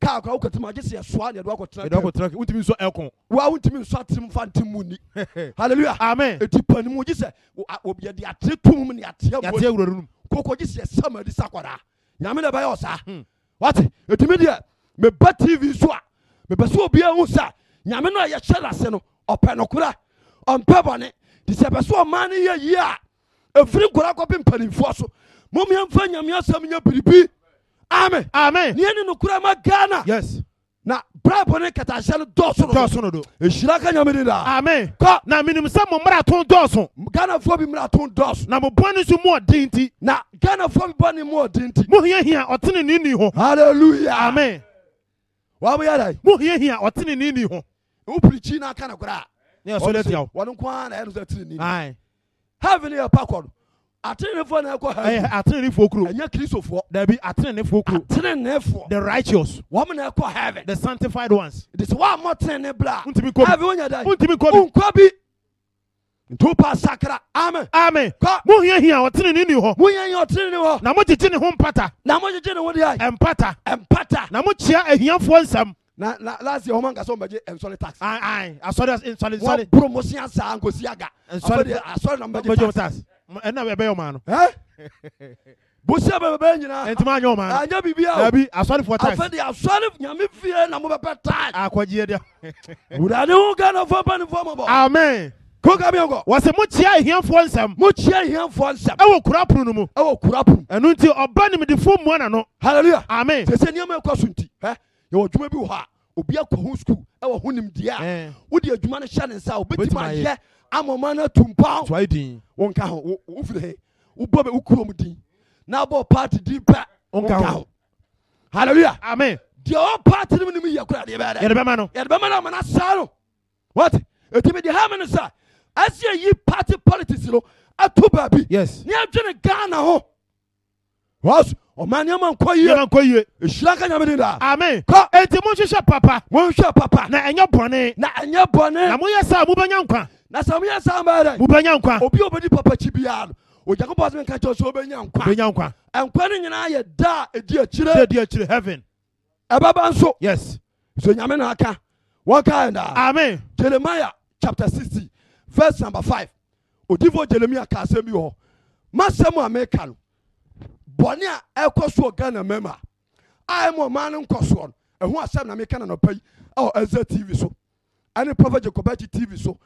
kaa kora wokatama agye sɛ yɛsoa ne yɛdewakɔtenawontimi nsɔ ɛko wa wontimi nsɔ atem fa ntem mu ni Hallelujah, amen Eti pani mu gye ati yɛde atere tom ne ateɛ mu kokɔ gye sɛ yɛsama adi sa kɔdaa nyame na ɛbɛyɛ ɔsaa hmm. wate ɛtumi deɛ meba tv so a mepɛ sɛ obiaa hu sɛ nyame no a yɛhyɛ no ase no ɔpɛ nokora ɔmpɛ bɔne nti sɛ ɛpɛ sɛ ɔma yɛ yie a ɛfiri nkora kɔpe mpanimfoɔ so momiɛmfa nyame asɛm nya biribi ame ame ne ɛne nokora ma ghana yes na bible ne katahyɛ no dɔso no do ɛhyira ka nyame de daa ame kɔ na menim sɛ mo mmarato dɔɔso ghanafoɔ bi mmarato dɔɔso na mo bɔne nso mu ɔden nti na ghanafoɔ bi bɔne mu ɔden nti mohiahia ɔtene ne ni ho halleluya ame wamoyɛdai mohiahia ɔtene ne ni ho wopirikyi no aka no koraa ne ɛsɔ lɛtia wo wɔno nko a na ɛno sɛ tene ni heaven yɛ pa kɔ no atenenefoɔ na ɛkɔ heaven. ɛyɛ atenenefoɔ kuro. ɛnyɛ kirisofoɔ. dabi atenenefoɔ kuro. atenenefoɔ. the righteous. wɔn na ɛkɔ heaven. the sanctified ones. de sɛ wɔn a mɔ tenene bila. ntumi kobi heaven wonya da yi. ntumi kobi. nkobi. ntupa sakra amen. amen kɔ. mo hiɛ hiɛ ɔtene ne ni hɔ. mo hiɛ hiɛ ɔtene ne hɔ. na mo gyegye ne ho mpata. na mo gyegye ne ho de ayi. ɛmpata. ɛmpata. na mo kyia ahiafoɔ nsɛm na na last year ɔmo ankasa ɔmo bɛgye nsɔre tax. ayi ayi asɔre nsɔre nsɔre. wɔn promotion asa ankosi aga. nsɔre asɔre na mo bɛgye tax. ɛna ɛbɛyɛ ɔmo ano. ɛɛ bosia bɛ bɛ nyinaa. ntoma anyɛ ɔmo ano. Ah, anya bibi awo. dabi asɔre fɔ tax. afɛn de asɔre nyame fie na mo bɛ pɛ tax. akɔjie ah, de. wulade ho gana fɔ bani fɔ ma bɔ. amen. kó ká mi nkɔ. wọ́n sẹ́ mo kyia ìhìnfọ́ nsẹ́m. mo kyia ìhìnfọ́ nsẹ́m. ɛwɔ kura punu nu mu. ɛwɔ kura punu. ɛnu ti ɔba nimdifo mu ɛnano. hallelujah. amen. sese ní ɛmɛ kɔ sunti. ɛ yɛwɔ adwuma bi wɔ hɔ a obi akɔ ho skul ɛwɔ ho nimdeɛ a wode adwuma no hyɛ ne nsa wobɛtumi ayɛ ama ɔma no atu mpaw wonka ho wofiri he wobɔ bɛ wo kurom din na bɔ party din pɛ wonka ho Hallelujah. amen deɛ ɔ party no mu nim yɛ kora deɛ bɛdɛ yɛde bɛma no yɛde bɛma no ama no saa no what ɛtumi deɛ ha me no sa ɛsɛ yi party politics no ato baabi yes ne adwene ghana ho wɔso ɔma nneɛma nkɔ yie ɛhyira ka nyame din daa amen kɔ enti monhwehwɛ papa monhwehwɛ papa na ɛnyɛ bɔne na ɛnyɛ bɔne na moyɛ saa mobɛnya nkwa na sɛ moyɛ saa mɛɛdɛ mobɛnya nkwa obi a obɛdi papa kyi biara no onyankopɔn sɛ menka kyerɛ sɛ wobɛnya nkwa bɛnya nkwa nkwa no nyinaa yɛ da a ɛdi akyire sɛ ɛdi akyire heaven ɛbɛba nso yes so nyame na aka wɔnkaɛ daa amen jeremia chapter 60 verse number 5 odifoɔ jeremia ka asɛm bi wɔ hɔ masɛm bɔne a ɛkɔ soɔ ghana mama a ɛma ɔma no nkɔ soɔ no ɛho asɛm na meka na nɔpa yi ɛwɔ ɛza tv so ɛne pɔfa jacobachi tv so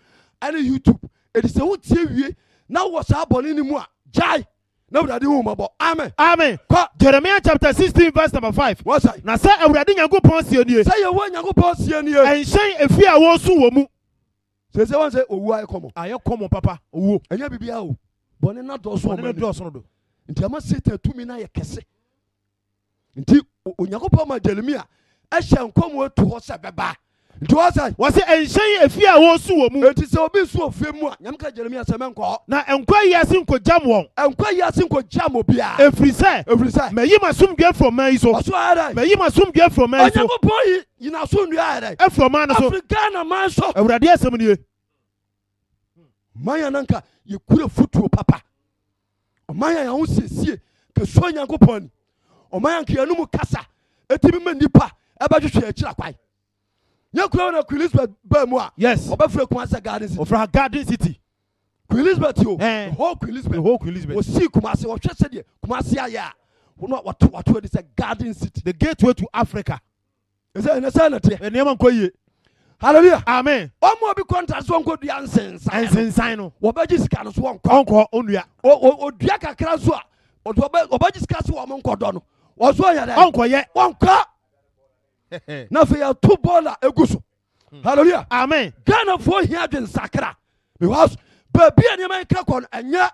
ɛne youtube ɛdi sɛ wotie wie na wɔ saa bɔne no mu a gyae na awurade hu mɔbɔ amen. amen kɔ jeremiah chapter sixteen verse number five. wɔsɛ. na sɛ awurade nyankopɔn sie nie. sɛ yehowa nyankopɔn sie nie. ɛnhyɛn efi a wɔsu wɔ mu. sese wɔn sɛ owu ayɛ kɔmɔ. ayɛ kɔmɔ papa owu. ɛnyɛ bibi awo bɔnni na dɔɔso ɔmɔ na dɔɔso do nti ama satan tumi no ayɛ kɛse nti onyankopɔn ma jeremia ɛhyɛ nkɔm atu hɔ sɛ bɛbaa nti wɔ sɛ wɔ sɛ ɛnhyɛn ɛfie a wɔsu wɔ mu enti sɛ obi su ofie mu a nyame ka jeremia sɛ menkɔ hɔ na ɛnkwa yi ase nkogyam wɔn ɛnkwa yi ase nkogyam obiaa ɛfiri sɛ ɛfiri sɛ mayi ma somdua firi ɔman yi so ɔso ayɛdɛ mayi ma somdua firi ɔman yi so onyankopɔn yi yina so nnua ayɛdɛ ɛfiri ɔman no so afiri ghana man so awurade asɛm nie man yɛ nanka yɛkura papa ɔma yɛ yɛho siesie kɛsuo nyankopɔn ani ɔma yɛ nkeanu mu kasa ɛtumi ma nnipa ɛbɛhwehwɛ akyira kwae nyɛ kura wọn na Queen Elizabeth bẹẹ mu a. yes ọbẹ fure Kumasi Garden City. ọfura Garden City. Queen Elizabeth o. ẹn Queen Elizabeth ọhọ Queen Elizabeth. osi Kumasi ọhwẹ sẹdiẹ Kumasi ayẹ a wọn wàtò wàtò ẹni sẹ Garden City. the gateway to Africa. ẹsẹ ẹni sẹ ẹni tẹ. ẹni ẹ yie hallelujah amen ọmọ obi kọntra so nkọ dua nsensan nsensan no wɔbɛgye sika no so wɔnkɔ ɔnkɔ onua odua kakra so a wɔbɛgye sika so wɔn nkɔdɔ no wɔso yɛ dɛ ɔnkɔ yɛ ɔnkɔ n'afɛ yɛ tu bɔɔla egu so hmm. hallelujah amen ghana fo hia dwe nsakra because beebi a nneɛma kira kɔ no ɛnyɛ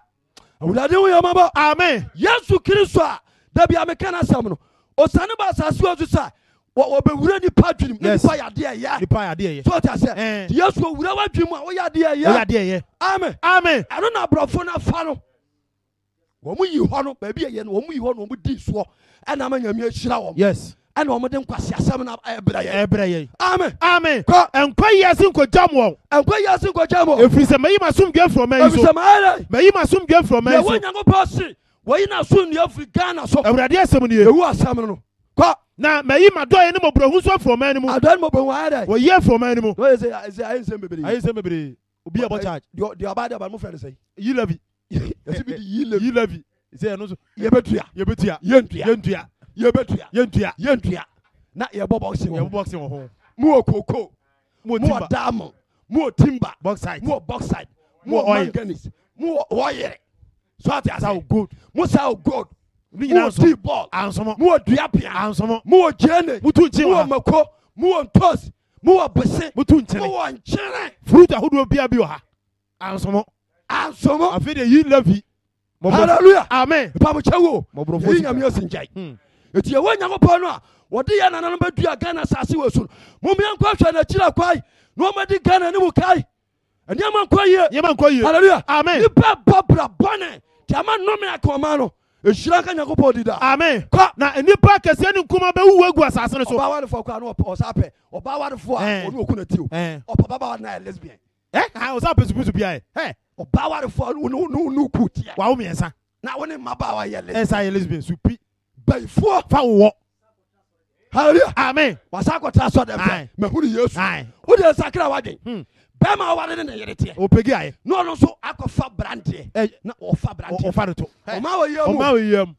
awurade ho yɛ ɔmabɔ amen yesu kiri so a dabi a meka na no osane ba asase sa wɔbɛwura nipa adwene mu nipa yadeɛ yɛ nipa yadeɛ yɛ so ɔta sɛ yesu owura w'adwene mu a wɔyadeɛ yɛ wɔyadeɛ yɛ amen amen ɛno na aborɔfo no afa no wɔn yi hɔ no baabi yɛ yɛ no wɔn yi hɔ no wɔn di soɔ ɛna ama nyame ahyira wɔn yes ɛna wɔn de nkwasi asɛm na ɛbrɛ yɛ ɛbrɛ yɛ amen amen kɔ nkwa yi ase nkɔgyam wɔn nkwa yi ase nkɔgyam wɔn efiri sɛ mayi ma sum dua fura mɛyi so efiri sɛ mayi dɛ mayi ma sum dua fura mɛyi so yɛwɔ nyankopɔ si wɔyi na sum dua firi ghana so awurade asɛm ni yɛ ewu asɛm no kɔ na mayi ma dɔye ne mɔborɔhu nso afurɔma no mu adɔye ne mɔborɔhu ayɛ dɛ wɔyɛ afurɔma no mu dɔye sɛ ayɛ nsɛm bebree ayɛ nsɛm bebree obi yɛ bɔ charge deɛ ɔbaa deɛ ɔbaa mo fɛ ne sɛ yi levi yɛsi bi di yi levi yi levi sɛ ɛno so yɛbɛtua yɛbɛtua yɛntua yɛntua yɛbɛtua yɛntua yɛntua na yɛbɔ boxing wɔ yɛbɔ boxing wɔ ho mu wɔ koko mu wɔ diamond mu wɔ timber bauxite mu o bauxite mu o manganese mu o wɔyere so ati asa o gold mu sa o ne nyinaa nso mu wɔ bɔl ansomo mu wɔ dua pia ansomo mu wɔ jene mu tu mako mu wɔ ntos mu wɔ bese mu tu nkyɛn mu wɔ nkyɛn bi wɔ ha ansomo ansomo de yi levi hallelujah amen ipamukyɛ wo yi nyamia si nkyɛn hmm. eti ewo nyakopɔn no a wɔde yɛ nananom bɛdua ghana asase wɔ so no momeɛ nkɔ hwɛ n'akyiri akwae na ɔmadi ghana ne mu kae nneɛma nkɔ yie nneɛma nkɔ yie hallelujah amen nipa bɔ bra bɔne te ama nnome aka ɔma no ehyira nka nyankopɔn dida. amen kɔ na nipa kɛseɛ ni nkuma bɛ wuwo egu asase ni so. ɔbaa awarefoɔ kura ɔsa apɛ ɔbaa awarefoɔ a ɔno okun na ti o ɔpapa baa na yɛ lesbian. ɛ ɔsa apɛsupusu bia yɛ. ɔbaa awarefoɔ n'u n'u k'u tia. wàá mìɛnsa. na wɔn ni mmabaawa yɛ lesbian. ɛsa yɛ lesbian supi. bɛyifoɔ. fa wɔ. hallelujah. amen. wasa akɔta asɔ dɛ fɛ mɛ hu ni yesu. o de ye sakira wa de. Hmm bẹẹma ọwari ni ne yẹrẹ tiẹ. o pegi a ye. n'olu nso akɔfa branteɛ. ɛ na ɔfa branteɛ. ɔfa de to. ɔma wo yie o ma wo yie mu.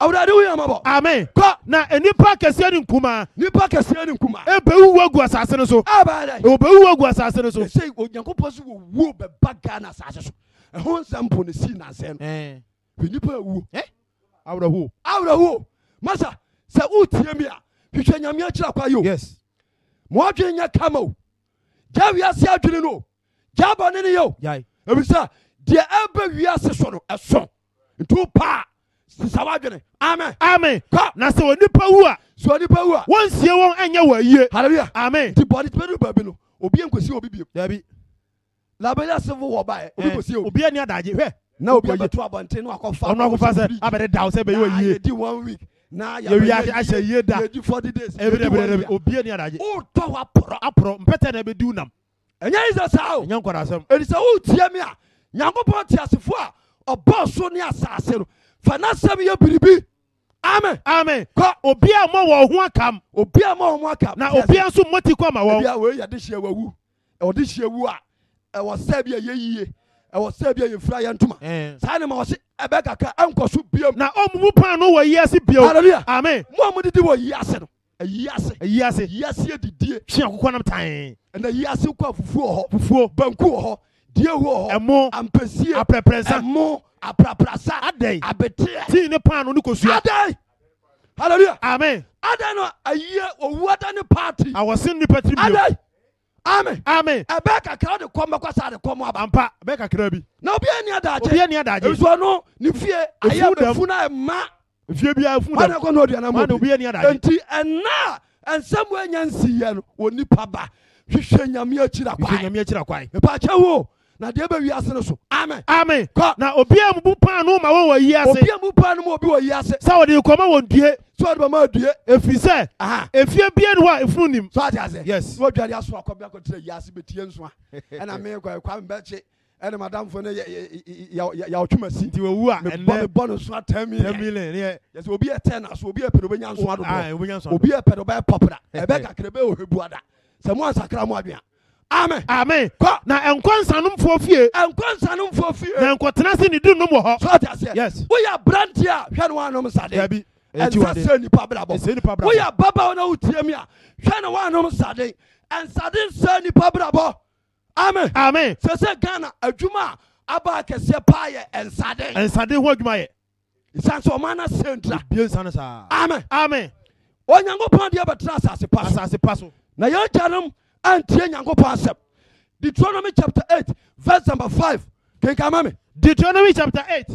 awurade wo yie ma bɔ. ami. kɔ na nipa kɛseɛ ni nkuma. nipa kɛseɛ ni nkuma. e bɛ wuwo gu asase ni so. a b'a dɛ. o bɛ wuwo gu asase ni so. ɛsɛ o yankun pɔsi wo wo bɛ ba gana asase so ɛhɔn nsɛm po ne si nansɛn no. ɛɛ nipa ewu. ɛ awurawo. awurawo masa sɛ o tie mi a fi nyamia kyerɛ kwa yes. mɔdwe nyɛ kama gya wiase adwene no gya bɔne ne yɛo ɛfisɛ deɛ ɛbɛ wiase so no ɛso nti paa sisa wadwene amen amen ka na sɛ onipa wu a sɛ onipa wu a wɔnsie wɔn ɛnyɛ wɔ ayie hallelujah amen nti bɔne tɛmɛ no baabi no obi nkɔsi obi bio dabi labɛyɛ asefo wɔ ba yɛ obi nkɔsi obi obi ani adagye hwɛ na obi abɛto abɔnten na wakɔfa ɔno akɔfa sɛ abɛde daw sɛ bɛyɛ wɔ ayie di one week na yɛwiase ahyɛ yie da obie ne adagye wotɔ hɔ aporɔ aporɔ mpɛtɛ na ɛbɛdi nam ɛnyɛ isɛ saa o ɛnyɛ nkɔda asɛm ɛdi sɛ wotie me a nyankopɔn teasefoɔ a ɔbɔɔ so ne asase no fa n'asɛm yɛ biribi amen amen kɔ obia mɔ wɔn ho akam obia mɔ wɔn ho akam na obia nso mɔti kɔ ma wɔn obia wɔyɛ de hyɛ wɔwu ɔde hyɛ wu a ɛwɔ sɛ bi a yɛ yie ɛwɔ sɛ bia yɛfira yɛ ntoma saa ne ma ɔse ɛbɛ kaka ɛnkɔ so biam na ɔmumu pan no wɔ yi ase bio aleluya amen mo a modidi wɔ yi ase no ayi ase ayi ase yi ase adidie twe akokɔ nam tan ɛna yi ase kɔ afufuo wɔ hɔ fufuo banku wɔ hɔ die wɔ hɔ ɛmo ampesie aprɛprɛnsa ɛmo apraprasa adɛn abeteɛ tii ne pan no ne kosua adɛn hallelujah amen adɛn no ayie owu adɛn ne paati awɔsen nipa tiri bio adɛn amen amen ɛbɛ kakra de kɔm bɛkɔ saa de kɔm aba ampa ɛbɛ kakra bi na obiara ni adagye obiara ni adagye esuo no ne fie ayɛ bɛfu na ɛma fie bi ɛfu dɛm wani akɔ n'odi anamɔ bi obiara ni adagye nti ɛna nsɛm wo nsi yɛ wɔ nipa ba hwehwɛ nyamea kyira kwae hwehwɛ nyamea kyira kwae mpakyɛ wo na deɛ bɛ wiase no so amen. amen kɔ na obiara mu bu paanu ma wɔn wɔ yiase. obiara mu paanu ma obi wɔ yiase. sáwọ de kɔma wɔn due. sáwọ de kɔma wɔn due. efi sɛ efie bie ni hɔ a efunu nim. sɔ ati ase yes wɔn dua de aso akɔ bi akɔtire yiase bɛ tie nsona ɛna mi kɔ ɛkɔ mi bɛ kye ɛna madamfo ne yawo twuma si. nti owu a ɛnɛ mɛ bɔ ne suna ten million. ten million yɛ. yasi obi yɛ ten na obi yɛ pɛrɛ obi yɛ nsona do bɔ obi yɛ pɛrɛ obi yɛ pɔpra ɛbɛ kakra ɛbɛ ohe buada sɛ mo ansakra mo adua amen. amen. kɔ na nkɔnsanomfoɔ fie. nkɔnsanomfoɔ fie. na nkɔtena se ne dunum wɔ hɔ. sɔɔ ti aseɛ. yes. woyɛ aberanteɛ a hwɛ ni wɔn anum sade. dabi ɛti wade ɛnsa se nipa abilabɔ. ɛsɛ nipa abilabɔ. woyɛ ababaawa na o tie mi a hwɛ ni wɔn anum sade ɛnsade nsa nipa abilabɔ. amen. amen. sese ghana adwuma aba akɛseɛ paa yɛ ɛnsade. ɛnsade ho adwuma yɛ. sanso ɔmo ana se n tira. bie nsa ne saa. amen. amen. onyankopɔn deɛ bɛtena asase pa so. asase pa so. na yɛn kyanom antie nyankopɔn asɛm deuteronomy chapter 8 verse number 5 kenkama me deuteronomy chapter 8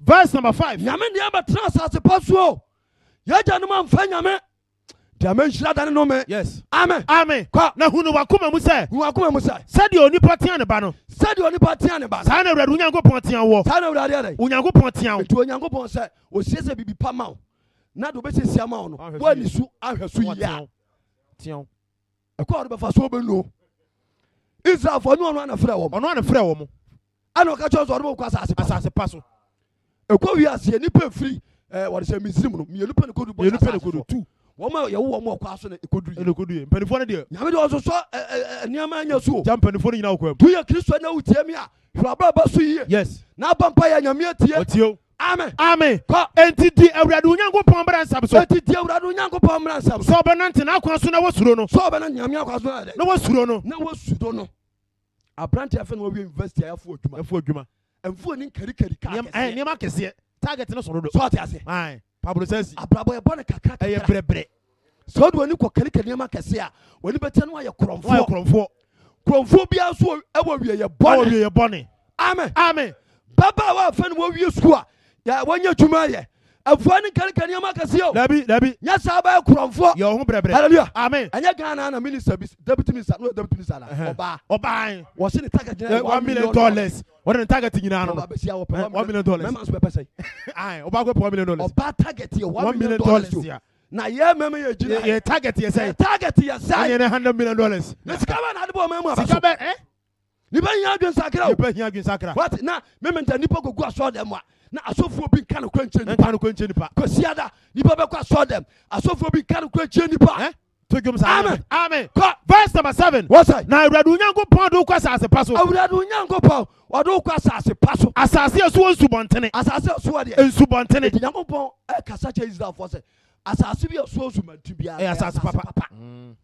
verse number 5 nyame deɛ bɛtena asase pa so yɛagyanom amfa nyame deɛ menhyira dane no me yes amen amen kɔ na hunu wakoma mu sɛ hunu wakoma mu sɛ sɛdeɛ onipa tea ne ba no sɛdeɛ onipa tea ne ba saa na awurade onyankopɔn tea wɔ saa na awurade adɛ onyankopɔn tea wo nti onyankopɔn sɛ osie sɛ biribi pa ma wo na de wobɛsiesie ama wo no woani su ahwɛ so yia tea ɛkɔ ɔde bɛfa so bɛnuo israelfoɔ ne ɔno ana frɛ wɔ m ɔno ana frɛ wɔ m ana ɔka kyerɛ sɛ ɔde bɛkɔ asase asase pa so ɛkɔ wi aseɛ nipa firi wɔde sɛ misiri mu no mmienu pɛ ne kɔdu bɔ asase Tu. wɔn a yɛwo wɔn ɔkɔ aso na ekodu yɛ ekodu yɛ mpanimfoɔ no deɛ nyame deɛ ɔsoso ɛɛ nneɛma anya so ja mpanimfoɔ no nyinaa wɔ kɔ tu yɛ kristu ɛna wotie mi a hwɛ abɛɛbɛ so na abampa yɛ nyame atie ɔtie amen. amen. kɔ enti di awurade onyankopɔn bɛrɛ nsɛm so. enti di awurade onyankopɔn bɛrɛ nsɛm so. sɛ ɔbɛ nante n'akwan so na wɔ suro no. sɛ ɔbɛ nante nyamea kwan so na yɛ dɛ. na wɔ suro no. na wɔ suro no. aberante afɛn wɔ wiye university a yɛfo adwuma. yɛfo adwuma. ɛnfo ni nkarikari kaa kɛseɛ. ɛɛ nneɛma kɛseɛ target ne sɔrɔ do. sɔɔ ti ase. ɛɛ pablo sɛnsi. abrabɔ yɛ bɔ ne kakra kakra. ɛyɛ brɛbrɛ. sɛ ɔdi wani kɔ karikari nneɛma kɛseɛ a wani bɛ tɛ no ayɛ kurɔnfoɔ. amen. amen. bɛɛba a wɔafɛn wɔ wɔnyɛ dwuma yɛ afuo ne nkanika nneɛma kɛse o. dabi dabi. nyɛ saa bɛyɛ kurɔnfoɔ. yɛ ɔhun brɛbrɛ. hallelujah. amen. ɛnyɛ ghana na minister bi deputy minister n'o ye deputy minister la. ɔbaa. ɔbaa. wɔsi ni target ɲinan ye one million dollars. wɔde ni target ɲinan nɔ. ɔba bɛ si awɔ pɛ one million dollars. mɛma sɔrɔ pɛsɛ. ayi ɔba ko pɛ one million dollars. ɔba target ye one million dollars o. na yɛ mɛmɛ yɛ jina ye. yɛ target yɛ sɛ. yɛ target yɛ sɛ. an yɛrɛ hundred million dollars. ne sika bɛ n'ale bɔ mɛmu a bɛ so. sika bɛ ɛ. nipa hiya dun sakira o. nipa hiya dun sakira. waati na mɛmɛ n tɛ nipa ko gu asɔ dɛ mu a na asɔfoɔ bi nka nokora nkyɛ nka nokora nkyɛ nipa kɔsiada nipa bɛkɔ asɔ dɛm asɔfoɔ bi nka nokora nkyɛ nipa to dwom sa amen amen kɔ verse number seven wɔsɛ na awurade onyankopɔn de wokɔ asase pa so awurade onyankopɔn ɔde wokɔ asase pa so asase a ɛso wɔ nsubɔntene asase a ɛso wɔ deɛ nsubɔntene nti kasa ɛkasa kyɛ israelfoɔ sɛ asase bi a ɛso wɔ nsubɔntene biara asase papa mm.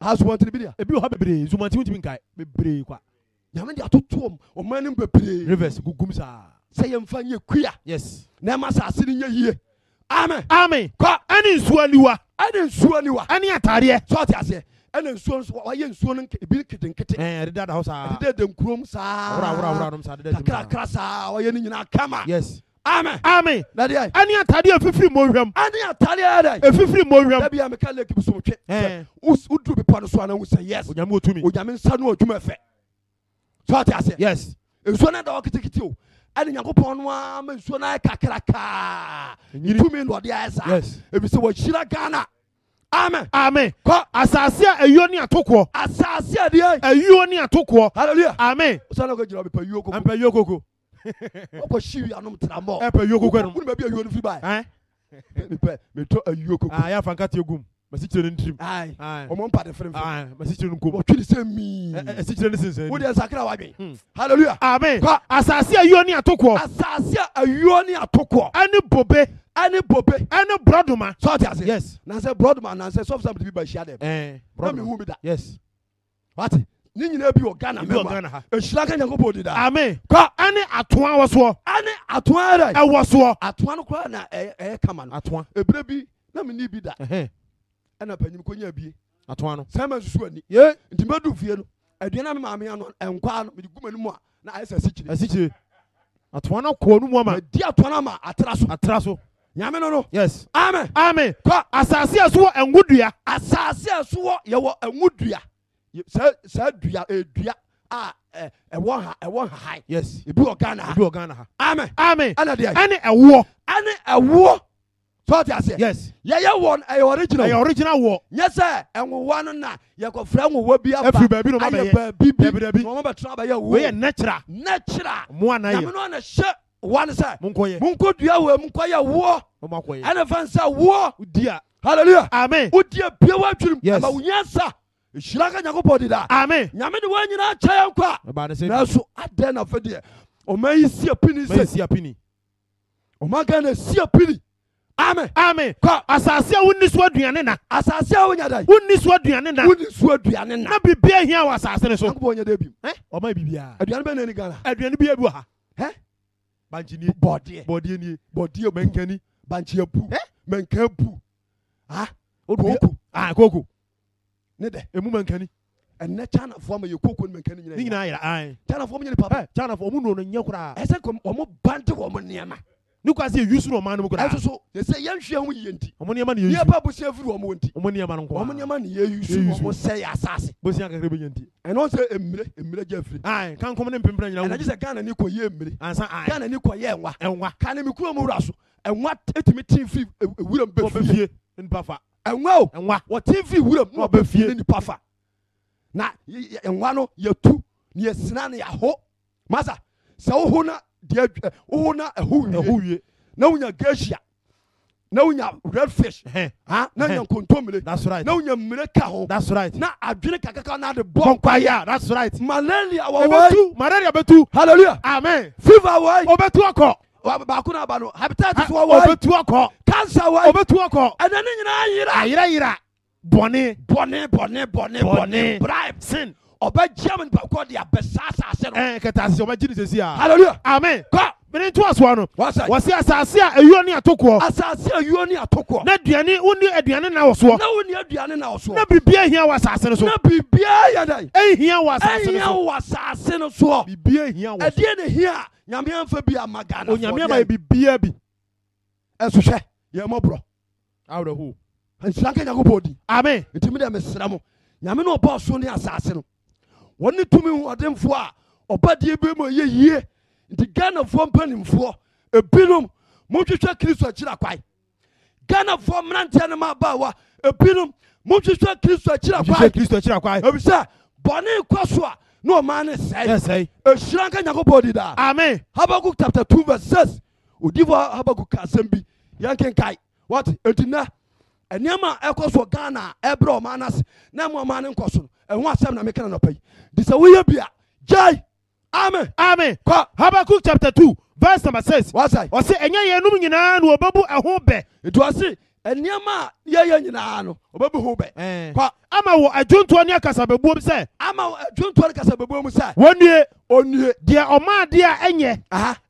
ha nsubɔntene bi deɛ ebi wɔ ha bebree nsubɔntene wotumi nkae bebree kwa nyame de atoto ɔman no mu bebree rivers gugum saa sɛ yɛmfa nyɛ kua na ɛma asase no nyɛ yie amen amen kɔ ɛne nsuo niwa ɛne nsuo niwa ɛne ataadeɛ sɛ ɔte aseɛ ɛna nsuo nso wayɛ nsuo no ebi nketenkete ɛdeda da hɔ saa ɛdeda da nkurom saa kakrakra saa wayɛ no nyinaa kama yes amen amen eh. na deɛ ɛne ataadeɛ efifiri mɔhwɛm ɛne ataadeɛ yɛ dɛ eh. efifiri mɔhwɛm dabi a meka leki bisom twe woduru bepɔ no so eh. ana wusa yes onyame otumi onyame nsa no adwuma fɛ sɛ ɔte aseɛ yes nsuo no da hɔ kitikiti o ɛne nyankopɔn no a ma nsuo no ayɛ kakrakaa tumi na ɔde ayɛ saa ɛfiri sɛ wɔahyira ghana amen amen kɔ asase a ayuo ne atokoɔ asase a deɛ ayuo ne atokoɔ halleluya amen sɛne kɔgyina wobɛpɛ yuo koko mpɛ yuo koko wopɔ hyi wianom trambɔ ɛpɛ yuo koko nom wone baabi ayuo no firi baɛ mepɛ metɔ ayuo koko ayɛ ah, afanka teɛ gum masikyire ne ntirim ɔmo mpa de fere fere masikyire ne nkom ɔtwi ne sɛ mii ɛsikyire eh, ne eh, sinsɛn wo deɛ nsakira wa dwen hmm. hallelujah amen kɔ asase ayuo ne atokoɔ asase ayuo ne atokoɔ ɛne bobe ɛne bobe ɛne brɔduma sɔɔti ase yes nansɛ brɔduma nansɛ sɔfisa bi ba ehyia dɛm eh, brɔduma mi hu mi da yes wati ne nyinaa bi wɔ ghana mɛma ehyira ka nyanko bɔ dida amen kɔ ɛne atoa wɔ soɔ ɛne atoa yɛrɛ ɛwɔ soɔ atoa no kora na ɛyɛ e, e kama no atoa ebire bi na mi ni bi da ɛna panyim kɔnya bie atoa no sɛ susu ani ye nti mɛdu fie no aduane me maame ano ɛnkwaa no mede guma no mu a na ayɛ sɛ asikyire asikyire atoa no kɔɔ no mu ama di atoa no ama atra so atra so nyame no yes amen amen kɔ asase a so dua asase a so wɔ yɛwɔ dua saa saa dua edua eh, a ɛwɔ ha ɛwɔ ha ha yes ebi wɔ ghana ha ebi wɔ ghana ha amen amen ɛna deɛ ɛne ɛwoɔ ɛne ɛwoɔ sọọti ase. yes. yɛyɛ wɔn ɛyɛ original. ɛyɛ original wɔ. nye sɛ ɛnwowa no na yɛkɔfra ɛnwowa bi afa. efi baabi na ɔma bɛ yɛ ayɛ baabi bi baabi bi na ɔma bɛ tena bɛ yɛ wo. oyɛ nɛtira. nɛtira. mu ana yɛ. nyamina na hyɛ wan sɛ. mu nkɔ yɛ. mu nkɔ dua wɔ mu nkɔ yɛ wɔ. ɔmɔ akɔ yɛ. ɛna fɛn sɛ wɔ. dia. hallelujah. amen. o dia bie wa adwiri mu. yes. ɛmɛ o yɛn sa. ehyira ka nyankopɔ di da. amen. nyame de wɔn nyinaa kyɛ yɛn kɔ a. Amen. Amen. Kɔ. Asase a wunni so na. Asase a wonya da yi. Wunni so na. Wunni so aduane na. Na bibi ehia wɔ asase ne so. Ankubo onye de bi. Ɛ. Ɔma ye bibiya. Aduane bɛ na ni Ghana. Aduane bi ebu ha. Ɛ. Banji ni. Bɔdeɛ. Bɔdeɛ ni. Bɔdeɛ mɛnkɛ ni. Banji ebu. Ɛ. Mɛnkɛ ebu. Ha. O do koko. Aa koko. Ne dɛ. Emu mɛnkɛ ni. ɛnɛ china fɔ ma ye koko ni mɛnkɛ ni ɲinɛ yɛrɛ. Ni ɲinɛ yira. an ye. China fɔ mu ɲɛ ni papa. Ɛ fɔ mu n'o ni ɲɛ kura. Ɛsɛ kɔmi ɔmu ban ne kwa sɛ yɛyusu no ɔma no mu koraa ɛso mu ɛsɛ yɛnhwɛ ho yie nti ɔmo nneɛma ne yɛyusu nneɛma bosia firi ɔmo nti ɔmo nneɛma no nko ɔmo nneɛma ne yɛyusu ɔmo sɛ yɛ asase bosia kakra bɛnya nti ɛno sɛ ɛmmire ɛmmire gya firi ae kankom ne mpempere nyina ɛnagye sɛ ghana ni kɔ yɛ mmire ansa ae ghana ni kɔ yɛ ɛnwa ɛnwa ka ne mu wura so ɛnwa ɛtumi ten firi e, ewuram bɛfie nipa fa ɛnwa o ɛnwa wɔten firi wuram ɛnwa no yɛtu ne yɛsena ne yɛho masa sɛ woho deɛ adwa woho na ɛho wie na wonya gasia na wonya red fish na wonya nkontommire that's right na wonya mmire ka ho that's right na adwene kakaka na de bɔ nkwayɛ that's right malaria wɔ wɔyi malaria bɛtu hallelujah amen fever wɔyi ɔbɛtu akɔ baako na aba no hepatitis wɔ wɔyi ɔbɛtu akɔ cancer wɔyi ɔbɛtu akɔ ɛna ne nyinaa yera ayerayera bɔne bɔne bɔne bɔne bɔne bribe sin ɔbɛgyia mu nipa kɔ de abɛsa asase no. ɛn kɛtɛ asase ɔbɛgyi ni sisi a. hallelujah amen. kɔ mene nto asoa no wɔse asase a ayuo ne atokoɔ asase ayuo ne atokoɔ na aduane wone aduane na wɔ soɔ na wone aduane na wɔ soɔ na biribia hia wɔ asase no so na biribia yɛ dɛn ɛhia wɔ asase no so ɛhia wɔ asase no soɔ biribia hia wɔ so ɛdeɛ ne hia nyame amfa bi ama ghana fɔ onyame ama yɛ biribia bi ɛso hwɛ yɛ mɔborɔ awerɛho nhyira nka nyankopɔn di amen nti medɛ mesrɛ mo nyame ne ɔbɔɔ so ne asase no wɔne tumi hoɔdenfoɔ a ɔbadeɛ bi mu ɛyɛ yie nti ghanafoɔ mpanimfoɔ ebinom monhwehwɛ kristo akyiri akwae ghanafoɔ mmeranteɛ no ma abaawa ebinom monhwehwɛ kristo akyiri akwae ebisɛ bɔne kɔ so a na ɔma ne sɛe ɛhyira nka nyankopɔn di daa amen habakuk chapter 2 verse 6 odifo habakuk ka asɛm bi yɛnkenkae wat enti nɛ ɛnneɛma ɛkɔ so ghana a ɛbrɛ ɔma no ase na ɛma ɔma ne nkɔ so no ɛho asɛm na meka na nɔpa yi de sɛ woyɛ bia gyae amen amen kɔ habakuk chapter two, verse number six. wasai ɔse ɛnyɛ yɛnom nyinaa na wɔbɛbu ɛho bɛ nti ɔse nneɛma a yɛyɛ nyinaa no ɔbɛbu ho bɛ kɔ ama wɔ adwontoɔ ne akasabebuom sɛ ama wɔ adwontoɔ ne kasabebuom sɛ wɔnnue onnue deɛ ɔmaa deɛ a ɛnyɛ